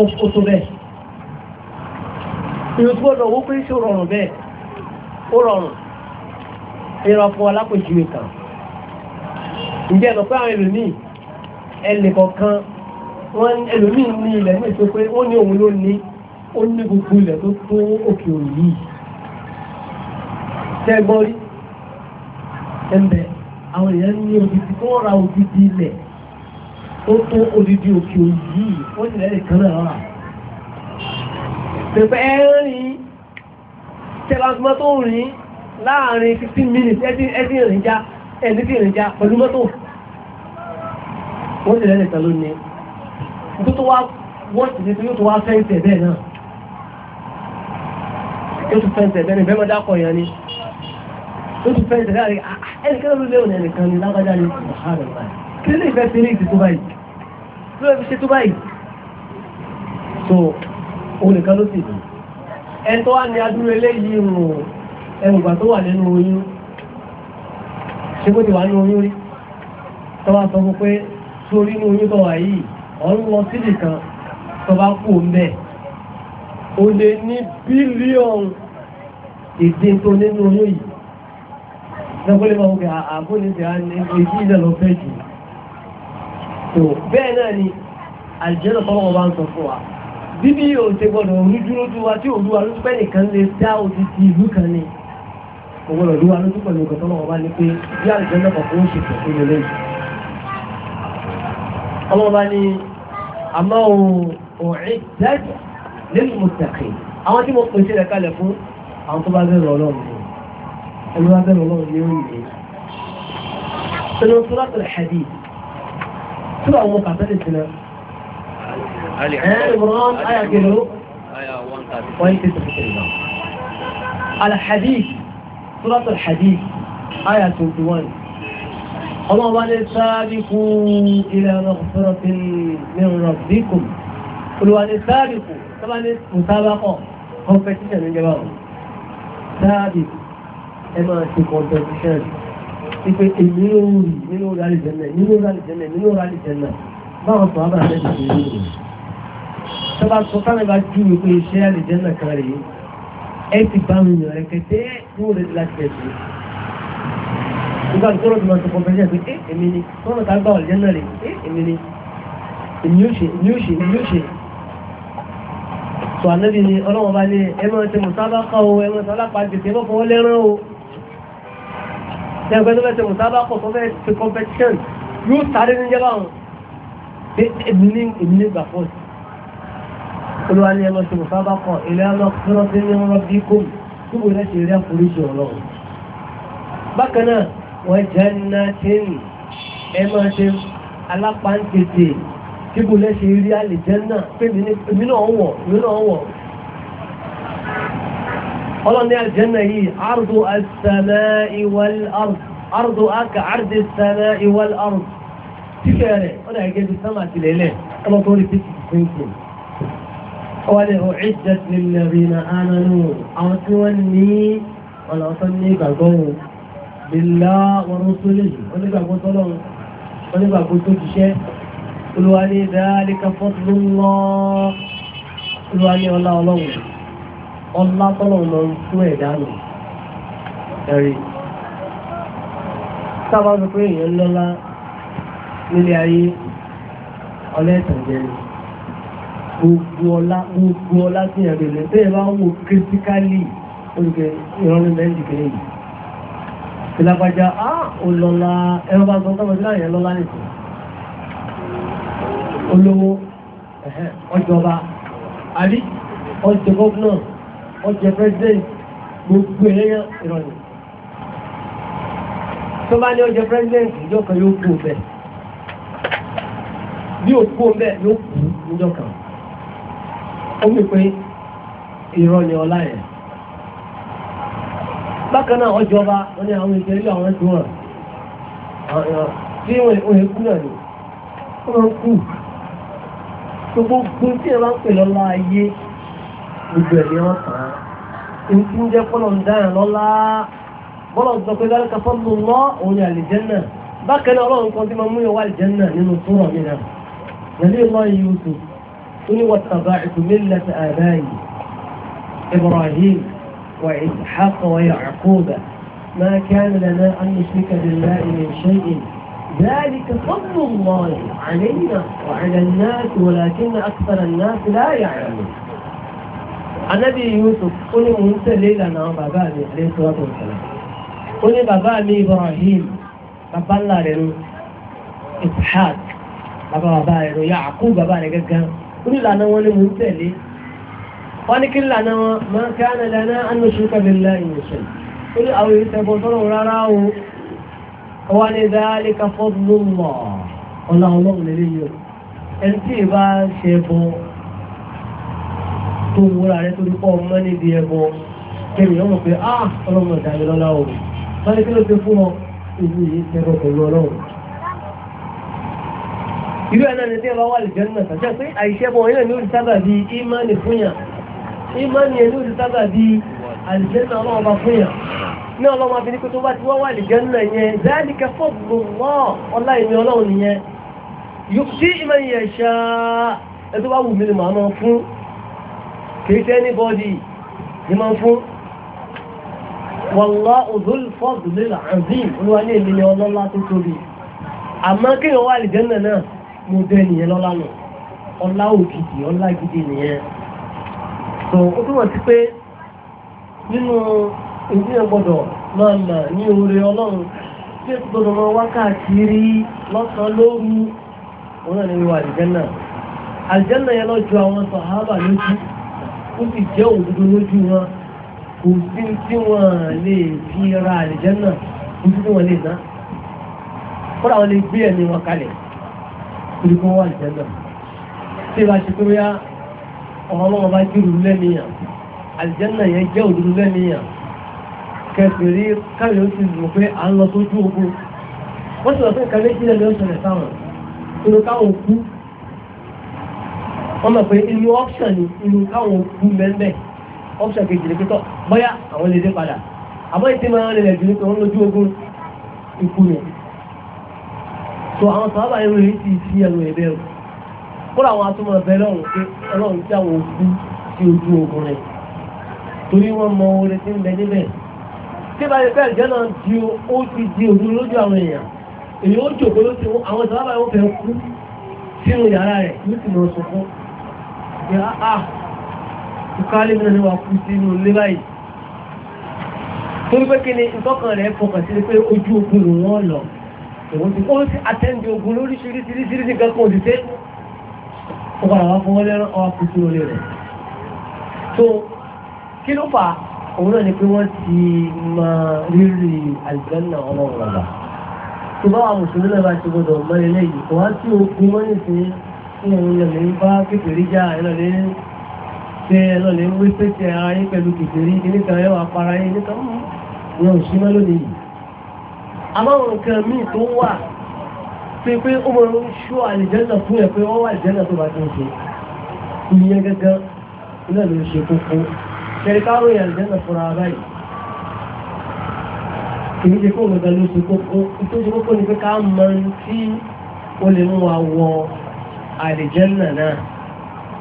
oṣù ó tó bẹ́ẹ̀. ìrùkú ọ̀dọ̀ owó pé ṣe ó rọrùn bẹ́ẹ̀ ó rọrùn ìrọ̀ fún alápèjúwe kan. ǹjẹ́ ẹ̀nà pé àwọn ẹlòmíì ẹnì kọ̀ọ̀kan wọ́n ẹlòmíì ní ilẹ̀ ní ìṣó pé ó ní òun ló ní ó ní gbogbo ilẹ̀ tó tó òkè òyìn yìí tẹ́gbọ́n rí ẹ̀mẹ́ àwọn èèyàn ní odidi tó ra odidi ilẹ̀ tó tó odidi òkè òyì ó sì lẹ́yìn kan náà rà pẹ̀pẹ́ ẹ̀rín tẹ́lásímọ́ tó rìn láàrin 15 minutes ẹ̀dín ìrìn já ẹ̀dín ìrìn já pẹ̀lú mọ́tò wọ́n sì lẹ́yìn kan ló ní tó tó wá wọ́n sì tó wá fẹ́ǹsì bẹ́ẹ̀ ni bẹ́ẹ̀ mọ́ dákọ̀ ni ó ti fẹ́ ìdàgbà rẹ̀ ah, ah, ẹnìkan ló léwu ẹnìkan ní lágbájá ní ọ̀hánà báyìí kí ló lè fẹ́ ṣe ní ìdí tó báyìí ló lè fi ṣe tó báyìí so òun nìkan ló sì dùn ẹni tó wà ní adúrú eléyìí rò ẹnùgbà tó wà nínú oyún ṣé kó ti wà nínú oyún rí tó wá sọ fún pé sórí inú oyún tó wà yìí ọ̀run lọ sílì o lè ní bílíọ̀nù ìdíntò nínú oyún yìí lọ́gbọ́lé máa ń gbé àbúlé ti hàn ní èyí ìdá lọ fẹ́ jù tó bẹ́ẹ̀ náà ni àjẹ́lọ tọ́lọ́wọ́ bá ń sọ fún wa bíbí yóò ṣe gbọ́dọ̀ onídúródú wa tí òru wa ló pẹ́ nìkan lè dá òdi ti ìlú kan ni kò gbọ́dọ̀ ló wa lójú pẹ̀lú ọ̀gọ̀ ní pé bí àjẹ́lọ kọ̀ọ̀kan ó ṣe pẹ̀ ilé yìí ọlọ́wọ́ àmọ́ òòrìn dájú lẹ́nu mo àwọn tí mo pèsè rẹ̀ kalẹ̀ fún àwọn tó bá bẹ̀rẹ̀ ọlọ́run ẹni wá bẹ̀rẹ̀ ọlọ́run ní orí rẹ̀ sọ́nà tó látọ̀ ẹ̀dì tó àwọn kàtẹ́lẹ̀ sí náà ẹ̀rọ̀n ayàgbẹ̀rẹ̀ wọ́n ti tẹ̀sẹ̀ náà alhadith tó látọ̀ ẹ̀dì ayà 21 ọmọ bá lè sáàbí fún ilẹ̀ ọ̀rọ̀fẹ́rọ̀fẹ́ mìíràn bíkùn olùwà lè sáàbí fún sábà ní mùsábàkọ̀ competition ní jẹba sáàbí fún ẹ máa ṣe competition ipe èmi ló ń rí nínú rally jẹ́nà nínú rally jẹ́nà nínú rally jẹ́nà báwọn sọ àbá rẹ̀ ṣe rí rẹ̀ tọ́ba sọ fún àgbà jù mí pé iṣẹ́ rally jẹ́nà kan rèé ẹ ti bá mi yàn ẹ̀kẹ́tẹ́ yóò rẹ̀ láti ẹ̀ sí nígbà tó rọ̀ máa sọ competition pé èmi ni wọ́n mọ̀ tá gbà ọ̀lẹ́ jẹ́nà rèé ẹ èmi ni èmi yóò ṣe èmi yóò ṣe èmi yóò ṣe sọ ànábì ni ọlọ́wọ́n bá ní ẹ máa ṣe mùsábà kan o ẹ máa ṣe ọlọ́pàá ṣẹ́gbẹ́ tó fẹ́ẹ́ mùsábàkọ̀ tó fẹ́ẹ́ ṣe competition yóò sáré ní jẹ́ báwọn pé èmi èmi ní gbàfọ́ sí olúwa ní ẹmọ ṣe mùsábàkọ̀ ilé ọlọ́kùnrin tí ní ọ̀rọ̀ bí kò túbò rẹ̀ ṣe rí àforíṣi ọ̀rọ̀ bákan náà wọ́n jẹ́ nàtẹ́nì ẹ máa ṣe alápáńtẹ̀tẹ̀ túbò rẹ̀ ṣe rí àlìjẹ́ náà pé èmi náà wọ̀ èmi náà wọ̀ ọlọ́run ní àjẹ́nà yìí ardu as-samaa'i wal ard ardu aka ardi as-samaa'i wal ard títẹ̀ rẹ̀ ó dà gẹ́gẹ́ bí sánmà àti lẹ́lẹ̀ ọlọ́run tó rí fífi fífi wọ́lẹ̀ ọ̀ẹ́jẹ́ lílẹ̀rìnà ánánú àwọn tí wọ́n ní ọ̀lọ́tọ́ ní ìgbàgbọ́ bílá wọ́n ọlá tọ́lọ̀ lọ fún ẹ̀dá nù ẹ̀rí sábà sọ pé èèyàn lọ́lá nílé ayé ọlẹ́tàn jẹ́rì gbogbo ọlá gbogbo ọlá tí ẹ̀ rẹ̀ lẹ́tẹ̀ bá ń wo kírísíkálì olùkẹ́ ìrọ̀rùn mẹ́rin kìíní yìí ìlàpàjá á olọ́lá ẹ̀rọ bá sọ tọ́mọ̀ sílá ìyẹn lọ́lá nìkan olówó ọjọba àbí ọjọ gọ́ọ̀nà wọ́n jẹ president gbogbo ẹ̀yẹ ìrọ̀lẹ̀ tó bá ní ọjọ́ president ìjọ kan yóò kú bẹ́ẹ̀ bí òkú bẹ́ẹ̀ yóò kú níjọ kan ó mú pé ìrọ̀lẹ̀ ọ̀la yẹn bákan náà ọjọba wọn ni àwọn ìṣẹ̀lẹ̀ àwọn ẹ̀sùn wọn tí wọn èkú náà ni wọn kú gbogbo tí ẹ bá ń pè lọ́la ayé gbogbo ẹ̀mí wọn kàn án ní tí ń jẹ́ pọ́nlọ̀ ń dáyà lọ́lá bọ́lọ̀ sọ pé dálẹ́ka fọ́nlù lọ́ òun ni àlìjẹ́nà bákan náà ọlọ́run kan tí máa mú ìwà àlìjẹ́nà nínú súnrọ̀ mi náà nàlẹ́ ìlọ́ yìí ó ní wọ́n tàbá ìtùmílẹ̀ ti àbáyé Ibrahim وإسحاق ويعقوب ما كان لنا أن نشرك بالله من شيء ذلك فضل الله علينا وعلى الناس ولكن أكثر الناس لا يعلمون anábì Yusuf ó ní òun tẹ̀lé ìlànà àwọn bàbá mi àlẹ́sọ́tò ìṣẹ̀lẹ̀ ó ní bàbá mi Ibrahim bàbá ńlá rẹ̀ nu Ishaq bàbá bàbá rẹ̀ nu Yaakub bàbá rẹ̀ gẹ́gẹ́ ó ní ìlànà wọn ni mò ń tẹ̀lé wọ́n ní kí ìlànà wọn máa ká ní ìlànà anúṣúkà bílá ìmọ̀ṣẹ̀ ó ní àwọn ìṣẹ̀bọ̀ tó ń wúra rẹ torí pọ́ ọmọ níbi ẹbọ kẹrin ọmọ pé á ah, ọlọ́mọ ìdájọ lọ́la o wọ́n ní kí ló ti fún ọ ìlú yìí tẹ́rọ pẹ̀lú ọlọ́run irú ẹ̀ náà ni tí ẹ bá wà lè jẹun náà tàbí pé àìṣẹ́bọ̀ yẹn ní òrì sábà bíi ìmánì fúnyà ìmánì yẹn ní òrì sábà bíi àlìjẹ́nà ọlọ́run bá fúnyà ní ọlọ́run abiní kó tó bá ti wá wà àlìjẹ́nà yẹn záàlì kẹfọ́ gbogbo ọlá ìní ọlọ́run nìyẹn yóò sí ìmọ̀ yẹn ṣáá ẹ tó bá wù mí ni màá máa fún kìí ṣe anybody ni máa ń fún wallahu dhul fadlil azim olúwa ní èmi ni ọlọ́lá tó tóbi àmọ́ kí wọ́n wà lìjẹ́nà náà mo bẹ́ nìyẹn lọ́lá nù ọlá òkìkì ọlá gidi nìyẹn so ó túmọ̀ sí pé nínú ìdíyẹ gbọ́dọ̀ máa mà ní oore ọlọ́run tí ó gbọ́dọ̀ máa wákàkiri lọ́sàn-án lóru òun náà ní wà lọ́jọ́ àwọn sàhábà lójú ó sì jẹ́ òdodo lójú wọn kò sí tí wọ́n lè fi ra àlìjẹ́ náà kò sí tí wọ́n lè ná kódà wọn lè gbé ẹ̀mí wọn kalẹ̀ torí kó wà àlìjẹ́ náà tí ìbá ṣe pé bóyá ọmọ ọlọ́wọ́ bá jùlù lẹ́nìyàn àlìjẹ́ náà yẹn jẹ́ òdodo lẹ́nìyàn kẹfìrí káyọ̀ ó ti mọ̀ pé à ń lọ sójú ogun wọ́n sì lọ sí ìkàlẹ́ ìjìnlẹ̀ lọ́sọ̀rẹ̀ táwọn torí káwọn kú wọ́n mọ̀ pé inú option ni inú káwọn kú mẹ́mẹ́ option kejì ní pẹ́tọ́ bọ́yá àwọn lè dé padà àbọ̀ ìtí máa ń lè jù ní pé wọ́n lójú ogun ikú yẹn so àwọn sábà yẹn lórí ti fi ẹnu ẹ̀ bẹ́ẹ̀ kóra àwọn atúmọ̀ bẹ́ẹ̀ lọ́rùn pé ọlọ́run tí àwọn òkú sí ojú ogun rẹ̀ torí wọ́n mọ orin tí ń bẹ níbẹ̀ tí bá yẹ pé ẹ̀jẹ̀ náà di ó ti di òru lójú àwọn èèyàn èyí ó jòkó ló ti àwọn sábà yẹn ó fẹ́ kú sínú yàrá rẹ̀ ló sì mọ̀ sọ fún pé àà ah. ìkálé náà ni wà kú sínú ilé báyìí torí pé kí ni ìtọ́kàn rẹ̀ fọkàn sí pé ojú ogun ló wọ́n lọ òun ti kó sí àtẹ́ǹdì ogun lóríṣiríṣiríṣiríṣi nǹkan kan òdìsẹ́ ó padà wá fọwọ́ lẹ́rán ọwọ́ kú sínú ilé rẹ̀ so kí ló fà òun náà ni pé wọ́n ti mọ rírì àlùjánnà ọlọ́run ọ̀la tó bá àwọn mùsùlùmí náà bá ti gbọdọ̀ mọ eléyìí kò wá sí ogun ẹ̀lọ́lẹ̀ ń bá kékeré já ẹ̀lọ́lẹ̀ ń tẹ ẹ̀lọ́lẹ̀ ń wé pẹ́tẹ ara yín pẹ̀lú kékeré níta ẹwà para yín níta wọn ò sí mẹ́lónìí yìí àmáwọn nǹkan míì tó wà pé pé ó mọ̀ ń ṣó àlìjẹ́nà fún ẹ̀ pé wọ́n wà àlìjẹ́nà tó bá ti ń ṣe ìyẹn gẹ́gẹ́ iná ló ń ṣe kókó ṣẹ̀rí káwọn èèyàn àlìjẹ́nà fúnra báyìí kìí ṣe kó òun gan ló ṣe kókó ìtọ́jú kókó ni pé ká mọ tí ó lè mú wa wọ àlìjẹ́nà náà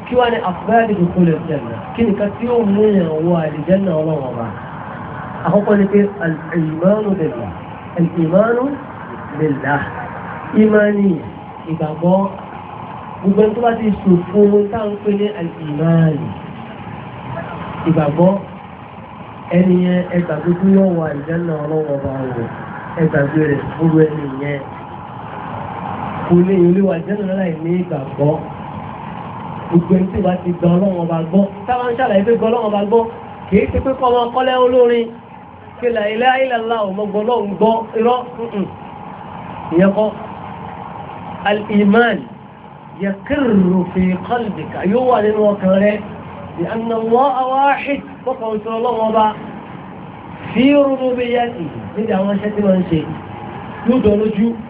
kí wá ní àfúráàdì kòkó lè jẹ́nà kí nìkan tí ó mú yàn wọ àlìjẹ́nà ọlọ́wọ́ bá àkọ́kọ́ ni pé al-imanu billah al-imanu billah ìmánì ìgbàgbọ́ gbogbo tó bá ti ṣòfò táwọn pé ní al ìgbàgbọ́ ẹni yẹn ẹgbàgbé tó yọ wọ àlìjẹ́nà ọlọ́wọ́ bá wọ ẹgbàgbé rẹ̀ gbogbo ẹni yẹn kò lè olúwa jẹ́nu láì ní ìgbàgbọ́ gbogbo ẹni tí wàá ti gbọ́ ọlọ́run ọba gbọ́ táwọn ń ṣàlàyé pé gbọ́ ọlọ́run ọba gbọ́ kì í ṣe pé kọ́ ọmọ kọ́lẹ́ olórin kí là ilé ayélujára ọmọgbọ́ ọlọ́run gbọ́ irọ́ ìyẹn kọ́ al-iman yakirru yóò jọ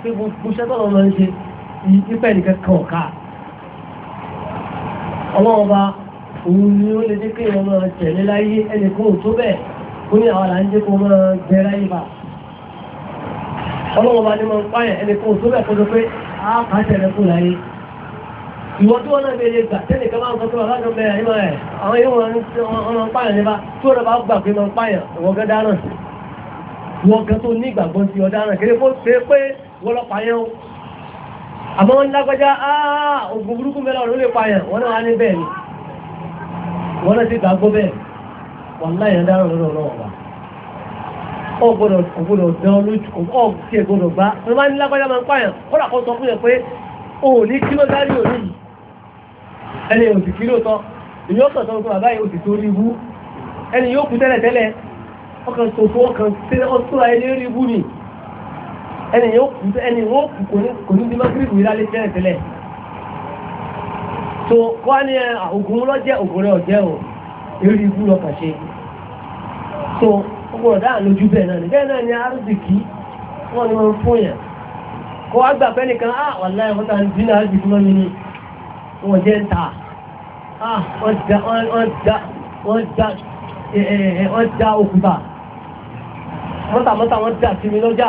pé gbogbo ṣẹ́tọ́lọ́ lọ ṣe ipa ẹnìkan kan ọ̀ka òun ni ó lè dé pé tẹ̀lé láyé ẹnìkan ò tó bẹ́ẹ̀ ó ní àwọn àlàyé kó máa gbẹ láyé bá ọlọ́run bá ń pààyàn ẹnìkan ò tó bẹ́ẹ̀ kó pé á kà á tẹ̀lé kú láyé ìwọ tí wọ́n náà bèèrè gbà tẹ́lẹ̀ kan máa ń sọ pé bàbá kan bẹ̀rẹ̀ nímọ̀ ẹ̀ àwọn yóò wọn ń pààyàn nípa tí wọ́n náà bá gbà pé máa ń pààyàn ìwọ gẹ́gẹ́ dáná wọn kan tó ní ìgbàgbọ́ sí ọ̀daràn kéré kó ṣe pé wọ́n lọ pààyàn o àmọ́ wọn lágbájá áá ah, ògùn burúkú mẹ́lá ọ̀rọ̀ lè pààyàn wọn náà wá ní bẹ́ẹ̀ ni wọn náà ti gbàgbọ́ bẹ́ẹ̀ wọn láyé ọ̀daràn lọ́dọ̀ ọlọ́wọ́ wa ọgbọ́dọ̀ ọgbọ́dọ̀ dán lójú ọ̀kí ẹgbọ́dọ̀ gbá wọn bá ní lágbájá máa ń pààyàn wọn làkọ́ sọ fún o ò ní kí ló dárí òní yìí ẹni òsì kí ló tọ́ ìyókàn sọ fún ọkàn ṣòfò ọkàn tẹ́lẹ̀ ọ̀tọ́ra ẹni rí bú ni ẹni yóò kù ẹni wọ́n kù kò ní di mọ́kírìkù yìí lálẹ́ tẹ́lẹ̀ tẹ́lẹ̀ tó kọ́ ni ògùn lọ́jẹ́ ògùn rẹ̀ ọ̀jẹ́ o eré ibú lọ́kàn ṣe tó ọgbọ̀n dáa lójú bẹ́ẹ̀ náà ni bẹ́ẹ̀ náà ni arúgbìkì wọ́n ni wọ́n fún yàn kọ́ wá gbà kan ah wà láyé wọ́n ta dínà arúgbìkì mọ́ mi ni wọ́n jẹ́ ta ah wọ́n da òkúta mọ́tàmọ́tà wọ́n dà sí mi lọ́jà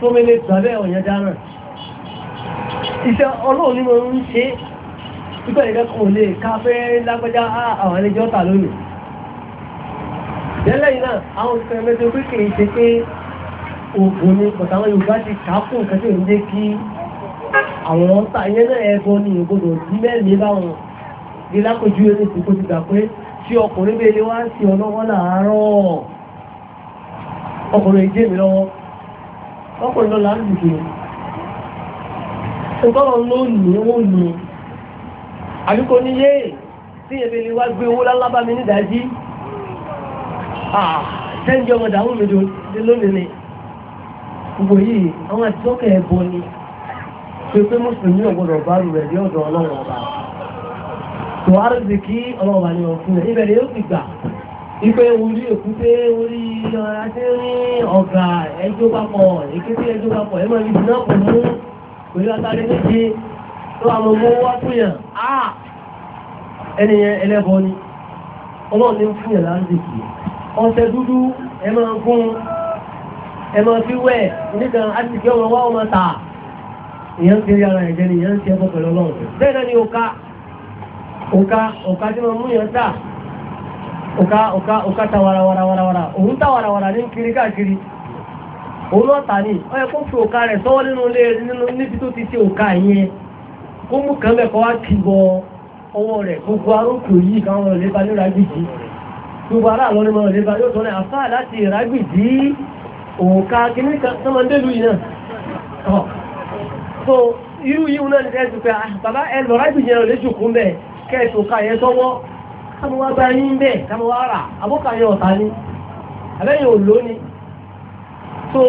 tó mi lè gbà bẹ́ẹ̀ ọ̀yẹ́ dáná iṣẹ́ ọlọ́run ni mo ń ṣe nígbà ìrẹ́ kò lè ká fẹ́ lágbájá àwọn ẹlẹ́jọ́ tà lónìí lẹ́lẹ́yìn náà àwọn òṣìṣẹ́ mẹ́tò pé kì ṣe pé òògùn ni pọ̀tàwọn Yorùbá ti kákùn nǹkan tí ò ń jẹ́ kí àwọn ọ̀tá ìyẹn náà ẹ̀gbọ́n ni ìgbọ́dọ̀ ní mẹ́rin báwọn ní lápòjú eré ìsìnkú ti gbà pé tí ọkùnrin bẹ́ẹ̀ ni wá ń ṣe ọlọ́wọ́ làárọ̀ ọkùnrin ìdí èmi lọ́wọ́ ọkùnrin lọ́la ń dìde ìtọ́lọ̀ ló nù ó nù àdúgbò ní yé tí èmi lè wá gbé owó lálábá mi nídàájí tẹ́ǹjì ọmọ dàrún mi lónìí ni gbogbo yìí àwọn àti ọkẹ́ ẹ̀bọ ni pé pé mùsùlùmí ọ̀gbọ́dọ̀ bá rù rẹ̀ ní ọ̀dọ̀ ọlọ́run ọba tòwárìsì kí ọlọ́run Ìpé orí òkúté orí ọ̀rá tí rí ọ̀gà ẹjọ́ papọ̀, èkété ẹjọ́ papọ̀, ẹmọ̀ ibi náà kò mú pẹ̀lú àtàrí méje tó àmọ́ mú wá fúnyàn. Àà ẹniyàn ẹlẹ́bọ ni, ọlọ́run ní fúnyàn láńdìkì. Ọ̀sẹ̀ dúdú ẹ máa gún, ẹ máa fi wẹ̀, oníkan á ti fi ọmọ wá ọmọ tà. Ìyẹn ti rí ara ẹ̀jẹ̀ ni ìyẹn ti ẹbọ pẹ̀lú ọlọ́run. Bẹ́ẹ̀ náà ni òka, òka, òka tí wọ́n mú yẹn tà wara, wara, wàràwàràwàrà òun wara, wara. ní kiri káàkiri òun lọ́ta ní ọyẹ kó fi òka rẹ̀ sọ́wọ́ nínú ilé níbi tó ti ṣe òka yẹn kó mú kan mẹ́kọ̀ọ́ wá kì bọ ọwọ́ rẹ̀ gbogbo arókò yìí káwọn ọ̀lẹ́bá ní rágbìjì gbogbo ará lọ́nà mọ́ ọ̀lẹ́bá yóò tọ́lẹ̀ àfá láti rágbìjì òka kìíní kan sọ́mọ́ ndélu yìí náà so irú yìí wọn náà ní káàmù wá bá yín bẹ́ẹ̀ káàmù wá rà abọ́kàyọ̀ ọ̀tá ni abẹ́yìn ò ló ni tó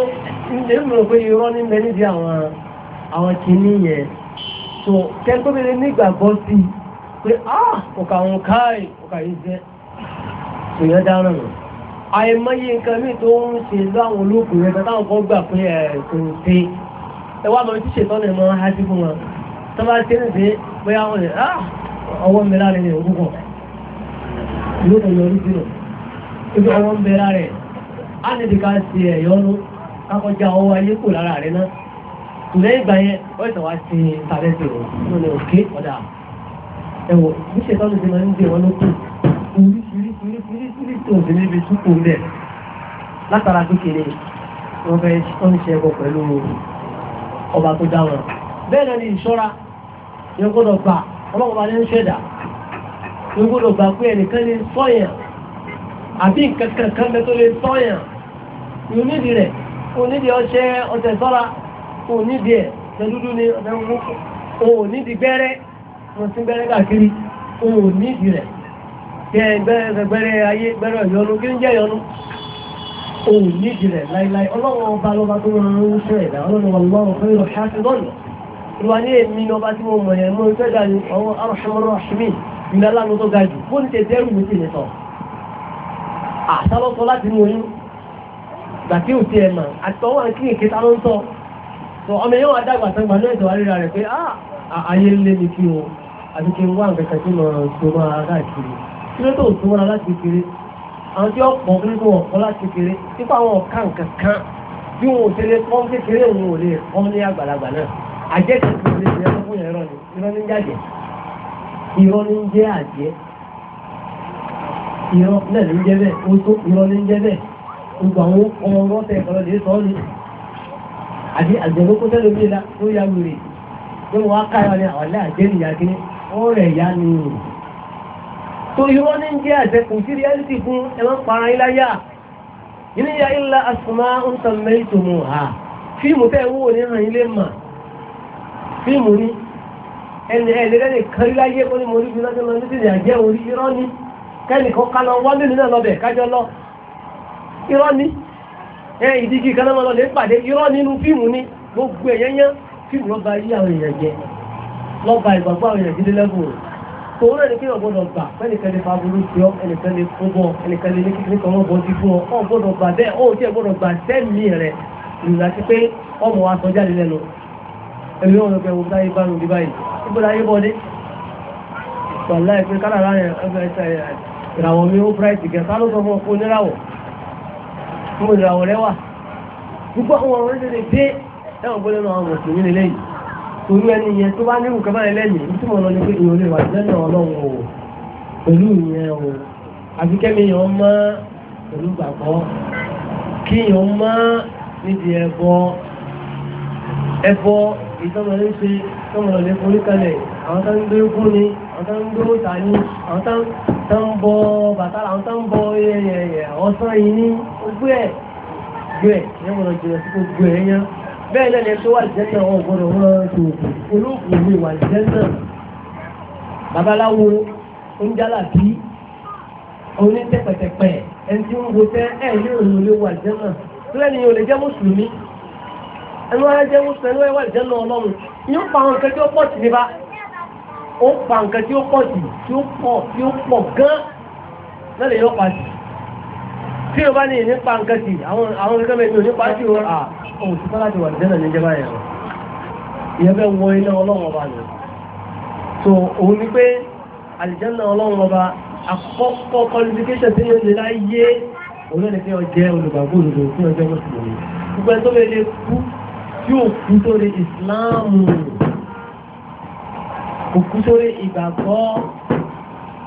ilé mi ò pé irọ́ ní bẹ níbi àwọn àwọn kìíní yẹn tó kẹ́ńtọ́bìnrin nígbàgbọ́ sí pé ah òkà òun káì òkà yìí jẹ́ èèyàn dáná nù àìmọye nǹkan míì tó ń ṣe láwọn olóògùn rẹ táwọn kan gbà pé ẹ kò ń ṣe ẹ wá lọ sí ṣètọ́nà ìmọ̀ ájú fún wọn tó bá ṣe ń ṣe pé àwọn ọwọ́ mi lára ní òkú yóò lọ yọrí sínú ibi ọwọ́ ń bẹ̀rẹ̀ rẹ̀ á ní ti ká ṣe ẹ̀yọ́nú kákọjá ọwọ́ ayé kò lára rẹ̀ náà lẹ́yìn ìgbà yẹn ó ìtàn wá sí tàbẹ́sì rò nínú ní òkè ọ̀dà ẹ̀wọ̀ ní ṣe tọ́lù sí máa ń gbé wọn ló kù oríṣiríṣiríṣiríṣi tó sì níbi túkù ń bẹ̀ látara kékeré wọ́n fẹ́ tó ń ṣe ẹbọ pẹ̀lú ọba tó ni ìṣọ́ra ló gbọ́dọ̀ gbà pé ẹnìkan lè sọ́yàn àbí nǹkan kankan bẹ lè sọ́yàn onídìí rẹ̀ onídìí ọṣẹ ọ̀tẹ̀ sọ́ra onídìí ẹ̀ tẹ́dúdú ni ọ̀tẹ̀ mú onídìí gbẹ́rẹ́ wọn ti gbẹ́rẹ́ káàkiri onídìí rẹ̀ tẹ́ gbẹ́rẹ́ ayé gbẹ́rẹ́ ìyọnu kí ń jẹ́ ìyọnu onídìí rẹ̀ láíláí ọlọ́wọ́ ọba lọ́ba tó wọn ń fẹ́ ẹ̀dá ọlọ́wọ́ ọlọ́wọ́ fẹ́ fẹ́ dà ní ọwọ́ arọ̀ṣẹ́mọ́rọ̀ ìrìn aláàánú tó ga jù bó ní ṣe dẹ́rù mi sì ní sọ àtàlọ́sọ láti mú oyún gbà tí ò ti ẹ̀ mà àtọwọ́ àti èké ta ló ń sọ sọ ọmọ yẹn wà dàgbà sangba náà ìtọ́wà rírà rẹ̀ pé ah, ayé lé mi kí o àti kí n wá nǹkan kan tí mo rọrùn tó máa káàkiri kí ló tó tó mọ́ra láti kéré àwọn tí ọ̀pọ̀ nínú ọ̀pọ̀ láti kéré nípa àwọn ọ̀ka nǹkan kan bí wọn ò tẹ́lẹ̀ kọ́ kékeré òun ò lè kọ́ ní àgbàlagbà náà àjẹ́ kékeré irọ́ ní jẹ́ àjẹ́ irọ́ lẹ́lú jẹ́ bẹ́ẹ̀ ó tó irọ́ ní jẹ́ bẹ́ẹ̀ gbogbo àwọn ọmọ ọmọ tẹ̀ ọ̀rọ̀ lè sọ ní àbí àjẹ̀lókó tẹ́lẹ̀ bí la tó ya wèrè tó wọ́n á káyọ̀ ní àwọn aláàjẹ́ nìyà kí ó rẹ̀ yá ni tó irọ́ ní jẹ́ àjẹ́ kò sí reality fún ẹ̀wọ́n para ilá ilé ya ilá asùnmá ń tàn mẹ́tò mu ha fíìmù tẹ́ wò ní hàn ilé mà fíìmù ní ẹni ẹlẹ́rẹ́ni kan láyé ó ní mo rí iná tó lọ ní sílẹ̀ àjẹ́ orí irọ́ ni kẹ́nìkan ká lọ wá mélòó náà lọ́bẹ̀ kájọ lọ irọ́ ni ẹ ìdíjì kan náà lọ lè pàdé irọ́ nínú fíìmù ni gbogbo ẹ̀yẹ́yẹ́ fíìmù lọ́ba yí àwọn èèyàn jẹ lọ́ba ìgbàgbọ́ àwọn èèyàn jíde lẹ́gùn tòun náà ẹ̀mí wọn lọ́pẹ́ wọn táyé bárùn bí báyìí ìgbòdá ayé bọ́dé pàlá ìpín kánàlá ìràwọ̀ mi ó bráìtì gẹ̀ ká ló sọ fún ọkọ̀ oníràwọ̀ fún ìràwọ̀ rẹwà púpọ̀ wọn wọ́n tètè dé ẹ̀wọ̀n gbọ́dọ̀ náà o pẹ̀lú ìyẹn o àfi kẹ́mi yẹn mọ́ pẹ̀lú gbàgbọ́ kí ìtọ́mọ̀lé ṣe tọ́mọ̀lé forí kalẹ̀ àwọn tó ń gbé fún ni àwọn tó ń gbé ta ni àwọn tó ń bọ bàtà àwọn tó ń bọ ọ̀sán yìí ní ogbó ẹ̀ gbé ẹ̀ ní ọmọ ìjìnlẹ̀ sí gbogbo ẹ̀ yẹn bẹ́ẹ̀ náà ni tó wà jẹ́ náà wọn gbọ́dọ̀ wọn tó olóògùn mi wà jẹ́ náà babaláwo oúnjálà bí onítẹ̀pẹ̀tẹ̀pẹ̀ ẹni tí ń wo tẹ́ ẹ̀ ní òun lè wà jẹ́ náà tó lẹ́ni ò lè jẹ́ mùsùlùmí ẹnu ara jẹ́ mùsùlùmí ẹnu ẹwà ìjẹ́ náà ọlọ́run ní ó pa àwọn nǹkan tí ó pọ̀ sí ní bá ó pa nǹkan tí ó pọ̀ sí tí ó pọ̀ tí ó pọ̀ gan náà lè yọ pa sí tí o bá ní nípa nǹkan sí àwọn àwọn nǹkan mẹ́rin nípa sí o à òun ti fọ́lá ti wà ìjẹ́ náà ní ìjẹba yẹn ìyẹn bẹ́ẹ̀ wọ iná ọlọ́run ọba nù so òun ni pé àlìjẹ́ náà ọlọ́run ọba àkọ́kọ́ qualification tí yóò lè láyé olóòlù pé ọjẹ́ olùgbàgbọ́ olùdó fún ọjọ́ mọ́sùlùmí gbogbo ẹ̀ tó lè lè kú tí ó kú sórí ìsìláàmù kò kú sórí ìgbàgbọ́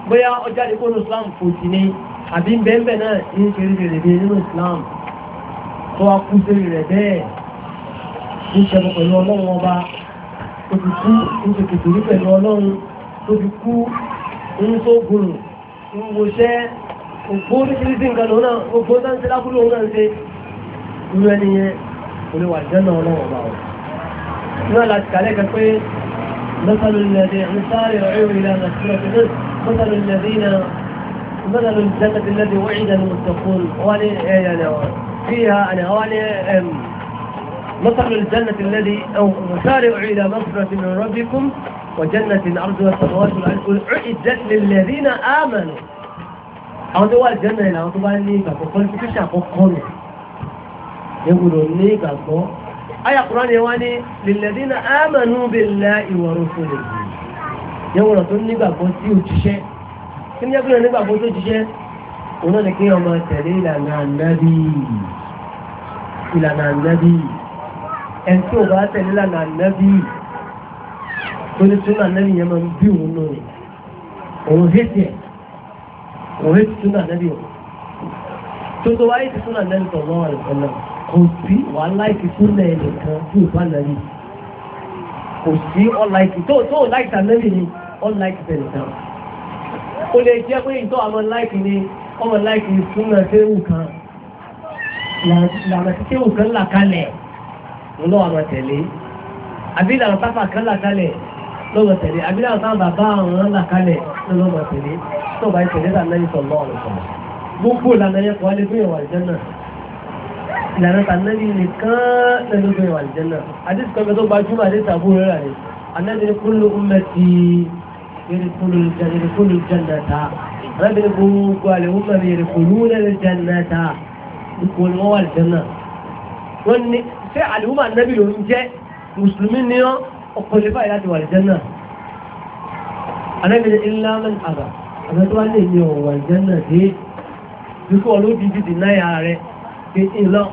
bóyá ọjà ìkónú ìsìláàmù kò sí ní àbí bẹ́ẹ̀bẹ̀ náà ní ṣeréṣeré bí nínú ìsìláàmù tó wá kú sórí rẹ̀ bẹ́ẹ̀ ní ṣẹlẹ̀ pẹ̀lú ọlọ́run ọba tó fi kú ní ṣe kìtìrí pẹ̀lú ọlọ́run tó fi kú ń tó gùn ń woṣẹ́ ògbó oríṣiríṣi nǹkan lòun náà ògbó dáńtẹ́lákúlò òun náà ń ṣe irú ẹni yẹn ولي وعجلنا ولا وضعوا نعلت عليك كويس مثل الذي مثال يعيو إلى مسكرة الناس مثل الذين مثل الجنة الذي وعد المتقون وعلي يعني فيها أنا وعلي مثل الجنة الذي أو مثال يعيو إلى مسكرة من ربكم وجنة عرضها السماوات والأرض أعدت للذين آمنوا أو دوال جنة إلى أطبع النيمة وقلت كشع قوقوني ẹgbùdọ̀ ní ìgbàgbọ́ ayà Kùránì wá ní lilladhina amanu billahi wa rasulihi yẹ́wọ̀n tó nígbàgbọ́ sí òjíṣẹ́ kí ní ẹgbùdọ̀ nígbàgbọ́ tó jíṣẹ́ òun náà ni kí ọmọ tẹ̀lé ìlànà ànábì ìlànà ànábì ẹni tí ò bá tẹ̀lé ìlànà ànábì tó ní túnú yẹn máa ń bí òun náà rẹ̀ òun hétí ẹ̀ òun hétí túnú ànábì òun tó tó wáyé ti túnú ànábì tọ̀ lọ́wọ́ àlùfẹ́ náà kò sí wàhálà ìfisúnlẹ̀ ẹnìkan tí ò bá nàrí kò sí ọ̀láìkì tó tó láìkì ànẹ́bì ni ọ̀láìkì tẹ̀lẹ̀tẹ̀ o lè jẹ́ pé ìtọ́ àwọn láìkì ni ọmọ láìkì súnmọ̀ tẹ́wù kan lànà tí tẹ́wù kan là kalẹ̀ lọ́wọ́ àwọn tẹ̀lé àbí lànà pápá kan là kalẹ̀ lọ́wọ́ tẹ̀lé àbí lànà táwọn bàbá àwọn là kalẹ̀ lọ́wọ́ tẹ̀lé tó bá tẹ̀lé lànà ìtọ̀ lọ́wọ́ gbogbo lànà yẹn kọ́ ìlànà tànàbí nìkan lẹ́nu bẹ̀rẹ̀ wà lìjẹ́ náà àdìsí kan tó gbajúmọ̀ àdìsí àbúrò rẹ̀ rẹ̀ anábìrin kúlù ummati yẹrìkúlù jannata anábìrin gbogbo àlẹ́ ummati yẹrìkúlù jannata ipò ni wọ́n wà lìjẹ́ náà wọ́n ní ṣé àlùmọ̀ anábì ló ń jẹ́ mùsùlùmí ni ọ́ ọkọ̀lẹ́ báyìí láti wà lìjẹ́ náà anábìrin illa man aba àbẹ́ tó wá lè ní ọ̀wà lìjẹ́ náà dé bí kò ló di di dìnnáyà rẹ̀ pé ìlọ́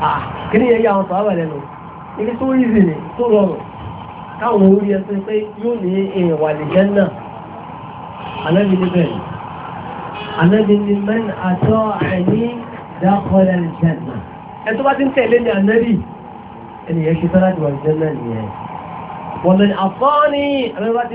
Ah, kí ni yẹ yà wọn sọ̀rọ̀ lẹ́nu ilé tó rí ìrìn tó rọrùn káwọn orí ẹsẹ̀ pé yóò ní èèyàn wà lè jẹ́ náà anábì ní bẹ́ẹ̀ anábì ní mẹ́rin àtọ́ àìní dákọ̀ọ́lẹ̀ lè jẹ́ náà ẹ tó bá ti ń tẹ̀lé ní anábì ẹnìyẹn ṣe fẹ́ràn jù wà lè jẹ́ náà nìyẹn wọ́n mẹ́rin àfọ́ ní ẹ̀rọ bá ti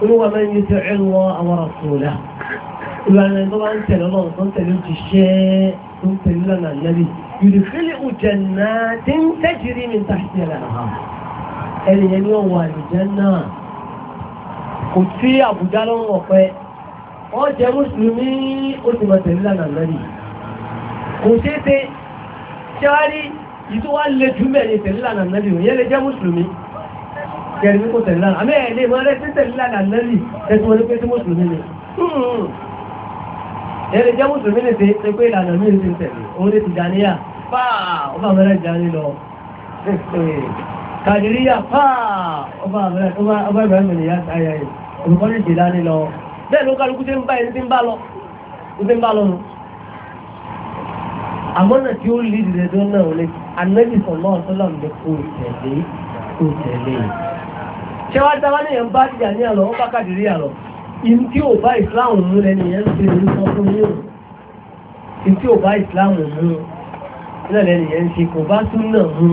olúwa máa ń yí sí ẹ̀rọ àwọn àkùnrà ìlànà tó bá ń tẹ̀lé ọlọ́run tó ń tẹ̀lé òjíṣẹ́ tó ń tẹ̀lé lọ́nà ànábì yùdìfílì òjànà tí ń tẹ́jìrì ní tàṣẹ̀lá ẹni yẹn ni wọ́n wà àlùjánnà kò sí àbújá lọ́rùn ọ̀pẹ wọ́n jẹ́ mùsùlùmí ó sì máa tẹ̀lé lọ́nà ànábì kò ṣeé ṣe ṣe wá rí ìtúwá tẹ̀lé lọ́nà ànábì kẹrin ní kò tẹ̀lé lánàá àmì ẹ̀lẹ́ ìmọ̀ ẹ̀lẹ́ tẹ̀lé lánàá lẹ́lì ẹ̀sùn wọn ní pé tí mùsùlùmí ni hmm. ẹ̀rẹ́ jẹ́ mùsùlùmí ni ti ṣe pé ìlànà mi ti tẹ̀lé òun ní Tìjàníyà fáà ọba mẹ́rẹ̀ Tìjàní lọ Kàdìríyà fáà ọba mẹ́rẹ̀ mẹ́rẹ̀ ayẹyẹ olùkọ́ ní Tìjàní lọ bẹ́ẹ̀ ló kálukú tí ń bá ẹni tí ń bá lọ tí ń bá lọ nù àmọ́ náà tí ó lè dìde tó náà lè anábìsọ̀ náà tó lọ́nà kò tẹ̀lé kò tẹ̀lé ṣe wá dáwà ní ẹ̀ ń bá dìjà ní àlọ́ wọ́n bá kàdìrí àlọ́ ìlú tí ò bá ìsìláàmù mú lẹ́nu ìyẹn ń ṣe ìlú sọ fún yíò ìlú tí ò bá ìsìláàmù mú náà lẹ́nu ìyẹn ń ṣe kò bá súnà mú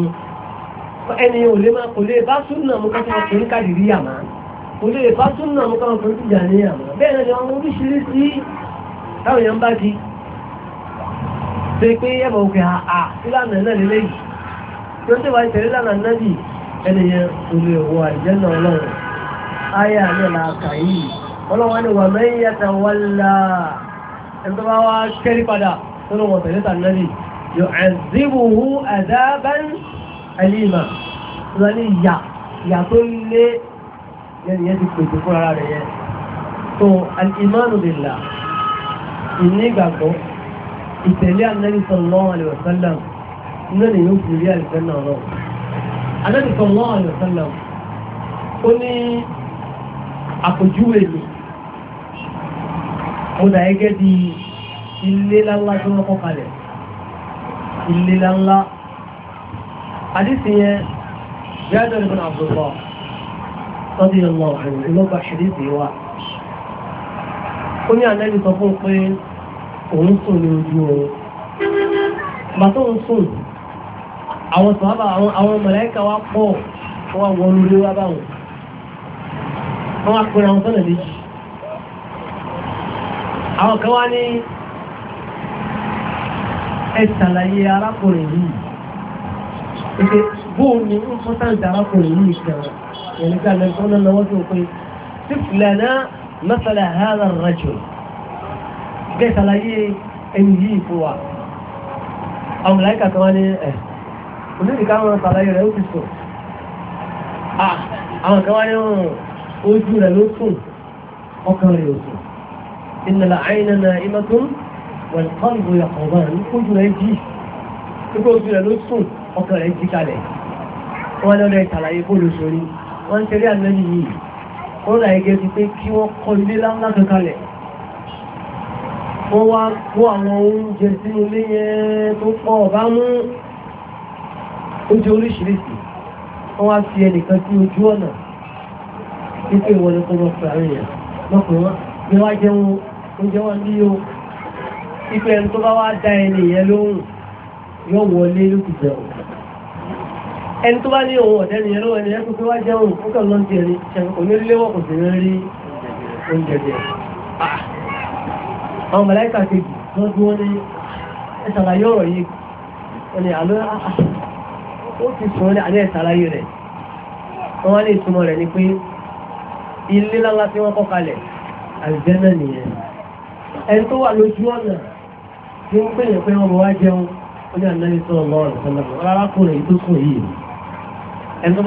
ẹni ò lè má kò lè bá súnà mú kọ́ tó ń kàdìrí àmà kò lè bá súnà mú kọ́ tó ń dìjà ní bẹ́ẹ̀ náà ni àwọn oríṣiríṣi táwọn èèyàn bá di pé pé ẹ̀mọ̀ òkè àà ìlànà náà lélẹ́yìí tó ń tẹ̀wá ìtẹ̀lé lánàá náà ẹniyẹn olè wọ àjẹ́nà ọlọ́run ayé àlẹ́ làákà yìí ọlọ́wọ́n ni wà mẹ́yìn yàtà wọ́lá ẹ̀tọ́ bá wá kẹ́rí padà nínú wọn tẹ̀lé tànàbí yóò ẹ̀zíbùhù àdábẹ́n ẹlímà wọn ni yà yà tó lé yẹnìyẹn ìtẹ̀lé ànàbí sallallahu alaihi wasallam náà ni yóò fi rí àlìfẹ́ náà náà Ànábì sallallahu alaihi wasallam ó ní àpòjúwe lò ó dà gẹ́gẹ́ bí ilé láńlá tó wọ́n kọ́ kalẹ̀ ilé láńlá àdísì yẹn Jabir ibn Abdullah radiyallahu anhu ìlọ́gbà ṣèlédè wa ó ní Ànábì sọ fún pé òun sùn ní ojú oorun àwọn sọ̀hábà àwọn mọ̀láíkà wá pọ̀ wọ́n wá wọnú lé wá báwọn wọ́n wá pẹ̀lú àwọn sọ́nà méjì àwọn kan wá ní ẹ̀sàlàyé arákùnrin yìí pé bóò ní ń fọ́tàǹtì arákùnrin yìí kẹrọ ẹ̀lẹ́gbà lẹ́gbọ́n náà lọ́wọ́ tó pé sífìlànà mẹ́fẹ̀lẹ̀ hàrà rajò bẹ́ẹ̀ sàlàyé ẹni yìí fún wa àwọn mọ̀láíkà kan wá ní ẹ̀ kò ní ìdíkà wọn sàlàyé rẹ̀ ó ti sùn àwọn kan wá ní ọ̀rùn ojú rẹ̀ ló sùn ọkàn rẹ̀ ò sùn ìnàlà àìnàna ìmọ̀tún wọ̀n kọ́lùbù yàkọ̀ọ̀bá ní ojú rẹ̀ jì pípé ojú rẹ̀ ló sùn ọkàn rẹ̀ jì kalẹ̀ wọ́n wá kó àwọn oúnjẹ sínú ilé tó pọ̀ bá mú ojú oríṣiríṣi wọ́n wá fi ẹnìkan sí ojú ọ̀nà wípé ìwọ ni kò lọ pè àwọn èèyàn lọ́kùnrin wọn ni wá jẹun oúnjẹ wọn ní o ipe ẹni tó bá wá dá ẹni yẹn lóhùn yóò wọlé lókè jẹun ẹni tó bá ní òun ọ̀dẹ́ ni yẹn lọ́wọ́ ẹni yẹn tó fi wá jẹun ó kàn lọ́n jẹrin ṣẹ̀kùn kò ní léwọ́ kò sì ní rí oúnjẹ jẹ ah! àwọn mọ̀láìkà kejì lọ́dún wọn ní ẹ̀ṣàlàyé ọ̀rọ̀ yìí wọn ni àlọ́ ah, ah, ó ti sọ̀rọ̀ ní àlẹ́ ìsàlàyé rẹ̀ wọ́n wá ní ìtumọ̀ rẹ̀ ni pé ilé lálá tí wọ́n kọ́ kalẹ̀ àlùjẹ́nà nìyẹn ẹni tó wà lójú ọ̀nà tí ń pè yẹn pé wọ́n wá jẹun ó ní àná ní sọ̀rọ̀ lọ́rọ̀ sọ́lọ́rọ̀ arákùnrin yìí tó sùn yìí ẹni tó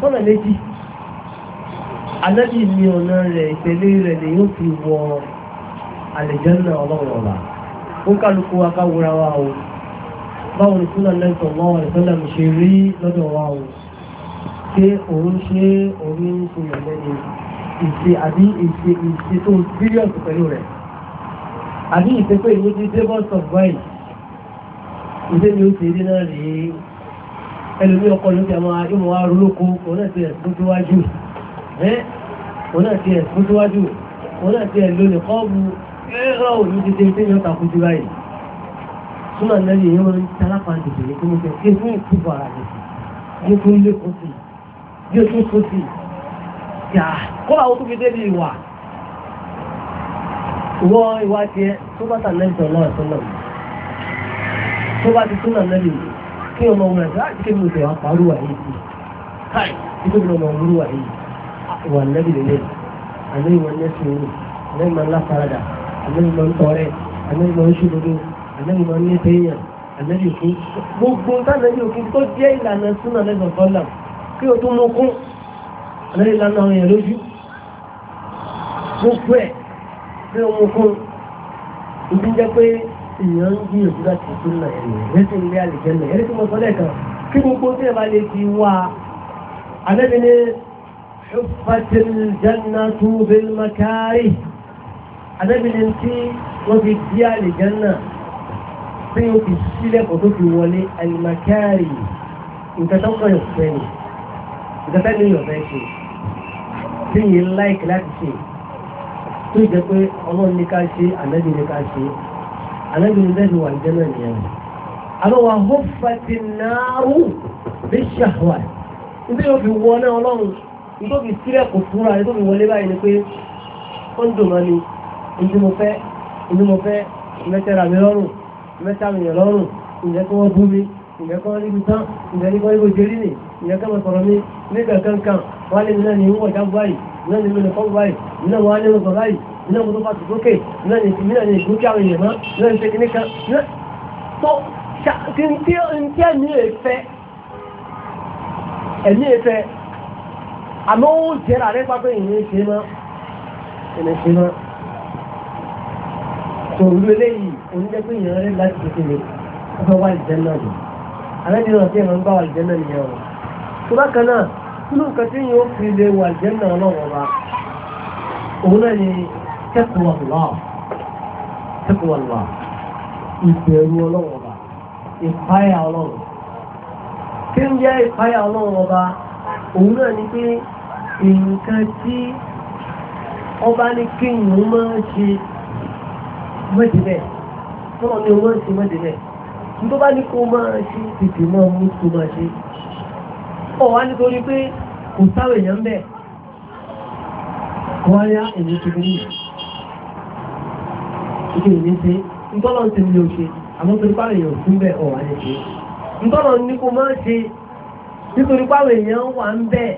sọ́nà anábì ní ọ̀nà rẹ̀ ìpele rẹ̀ lè yóò fi wọ àlẹ́jẹ́nà ọlọ́run ọ̀la ó kálukú wa káwúra wa o báwo ni súnà lẹ́sọ̀ mọ́ ìfẹ́lẹ̀ mi ṣe rí lọ́dọ̀ wa o ṣé òun ṣe òun ń ṣe ìrẹ̀lẹ́ni ìṣe àbí ìṣe ìṣe tó ń bílíọ̀nù pẹ̀lú rẹ̀ àbí ìṣe pé ìwé ti tables of wine ìṣe ni ó ṣe rí náà rèé ẹlòmí ẹ́ ọ̀nà tí ẹ̀ fún síwájú ọ̀nà tí ẹ̀ lónìí kọ́ọ̀bù ẹ̀rọ òní ti ṣe tẹ́yìn ọ̀tà kú sí báyìí súnà lẹ́yìn yẹn wọ́n ń talápa tètè ní kí mo fẹ́ kí fún ìkúbọ̀ ara rẹ̀ sí yóò tún lé kó sí yóò tún kó sí yà kó àwọn tó fi débi ìwà ìwọ ìwà tiẹ̀ tó bá tà lẹ́yìn ìwà nẹ́bí lélẹ̀ àlẹ́ ìwà nẹ́sìn òru àlẹ́ ìmọ̀ ńlá farada àlẹ́ ìmọ̀ ń tọrẹ àlẹ́ ìmọ̀ ń ṣòdodo àlẹ́ ìmọ̀ ń ní téèyàn àlẹ́ ìkú gbogbo tánàbí òkun tó jẹ́ ìlànà súnà lẹ́sọ̀ sọ́là kí o tó mú kún àlẹ́ ìlànà àwọn èèyàn lójú gbogbo ẹ̀ pé o mú kún ìdí jẹ́ pé èèyàn ń gbìyànjú láti súnà ẹ̀yìn lẹ́sìn ilé àlìjẹ́ náà ẹ̀rí tí mo sọ lẹ́ẹ̀kan kí gbogbo tí ẹ bá lè fi wá àlẹ́bí ní حفت الجنة بالمكاره anábìnrin tí wọ́n fi dí àlìjánà tí ó fi sílẹ̀kùn tó fi wọlé alimakari nǹkan tó kọ́ ìfẹ́ ni nǹkan tó ní ìyọ̀fẹ́ ṣe tí yìí ń láìkì láti ṣe tó jẹ́ pé ọlọ́run ní ká ṣe ànábì ní ká ṣe ànábì ní bẹ́ẹ̀ ni wà àlìjánà nìyẹn àmọ́ wà hófàtì náà rú bí ṣàwà níbi yóò fi wọ náà ọlọ́run ìtòbi sílẹ̀ kò fúnra rẹ̀ tóbi wọlé báyìí ni pé ó ń dùn mọ́ ni ìdí mo fẹ́ ìdí mo fẹ́ mẹ́tẹ́ra mi lọ́rùn mẹ́ta mi lọ́rùn ìjẹ́ kí wọ́n bú mi ìjẹ́ kí wọ́n rí mi tán ìjẹ́ kí wọ́n rí mi jẹ́rí mi ìjẹ́ kí wọ́n sọ̀rọ̀ mi ní kankan wọ́n á lé mi náà ní ìwọ̀n ìjábọ̀ báyìí náà ní mi lè báyìí náà wọ́n lé mi sọ báyìí náà mo tó bá ti náà ní ìsinmi àwọn èèyàn mọ́ náà ní ṣèkínní kan náà tó kí àmọ́ ó jẹ́ra rẹ̀ pápẹ́ ìyẹn ṣe mọ́ ìyẹn ṣe mọ́ tó olú eléyìí oníjẹ́ pé ìyẹn rẹ̀ láti ṣe kíni ó fẹ́ wá ìjẹ́ náà ni àlẹ́ni náà tí ìyẹn ń bá wà ìjẹ́ náà nìyẹn o tó bá kan náà nínú nǹkan tí yóò fi lè wà ìjẹ́ náà lọ́wọ́ wa òun náà ni tẹ́kùn ìbẹ̀rù ọlọ́wọ́ ọba ìpáyà ọlọ́run kí ń jẹ́ ìpáyà ọlọ́run ọba òun náà ni pé nǹkan tí ọba ní kéèyàn máa ṣe mọ́dìbẹ̀ tọ́lọ́ ní ọmọ ṣe mọ́dìbẹ̀ ní tó bá ní kó máa ṣe tètè máa mú tó máa ṣe ọ̀ wá nítorí pé kò sáwẹ̀ èèyàn bẹ̀ kọ́ wáyá èyí ti rí ìṣe ìní ṣe ntọ́lọ́ ti ní o ṣe àmọ́ torí pàrọ̀ èèyàn ò fún bẹ́ẹ̀ ọ̀ wá ní ṣe ntọ́lọ́ ní kó máa ṣe nítorí páwọn èèyàn wà ń bẹ̀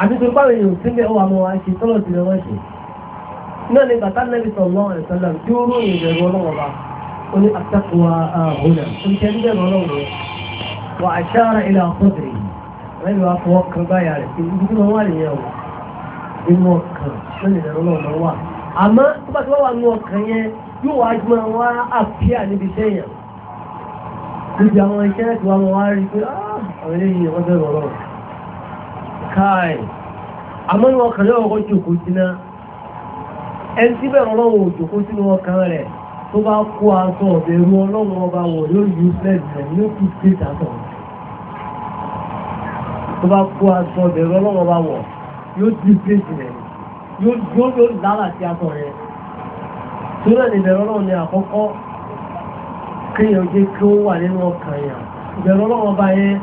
àti nítorí páwọn èèyàn sí bẹ́ẹ̀ wà mọ́ wa ṣe tọ́lọ̀ sí lọ́wọ́ ṣe náà ni bàtà nẹ́bí sallallahu alaihi wasallam tí ó ròyìn ìbẹ̀rù ọlọ́wọ́ bá ó ní àtàkùwà àhùnà ó ń tẹ́ níbẹ̀rù ọlọ́wọ́ wà ashara ila sadri lẹ́yìn wá fọwọ́ kan báyà rẹ̀ àwọn eléyìí wọ́n bẹ̀rẹ̀ ọ̀rọ̀ tó bá kó aṣọ ọ̀bẹ̀rù ọlọ́run bá wọ̀ yóò di fẹ́ẹ̀sì rẹ̀ yóò yóò lálà sí aṣọ rẹ̀ tó náà ní bẹ̀rẹ̀ ọlọ́run ní àkọ́kọ́ kéèyàn jẹ́ kí ó wà nínú ọkàn yàn ìbẹ̀rẹ̀ ọlọ́run ọba yẹn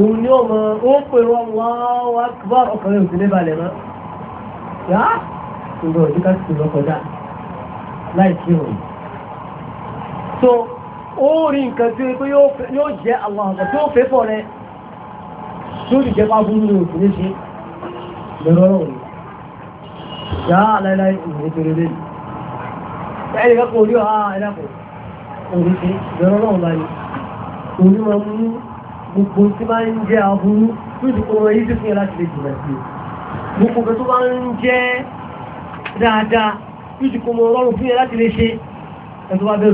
òun ni ọmọ ó pèrò Allahu Akbar ọkùnrin òsì ní balẹ̀ mọ́ yá ìgbà òjú ká sì lọ kọjá so ó rí nǹkan tí ó pé yóò jẹ́ àwọn àgbà tí fẹ́ fọ́ rẹ tó lè jẹ́ fábúrú òsì ní ṣe lẹ́rọ ọ̀rọ̀ gbogbo tí bá ń jẹ́ aburú tó ti kọ́ yí sí fún ẹ láti lè jìnà sí gbogbo tó bá ń jẹ́ dáadáa tó ti kọ́ mọ́ fún ẹ láti lè ṣe ẹ̀ bá bẹ̀rù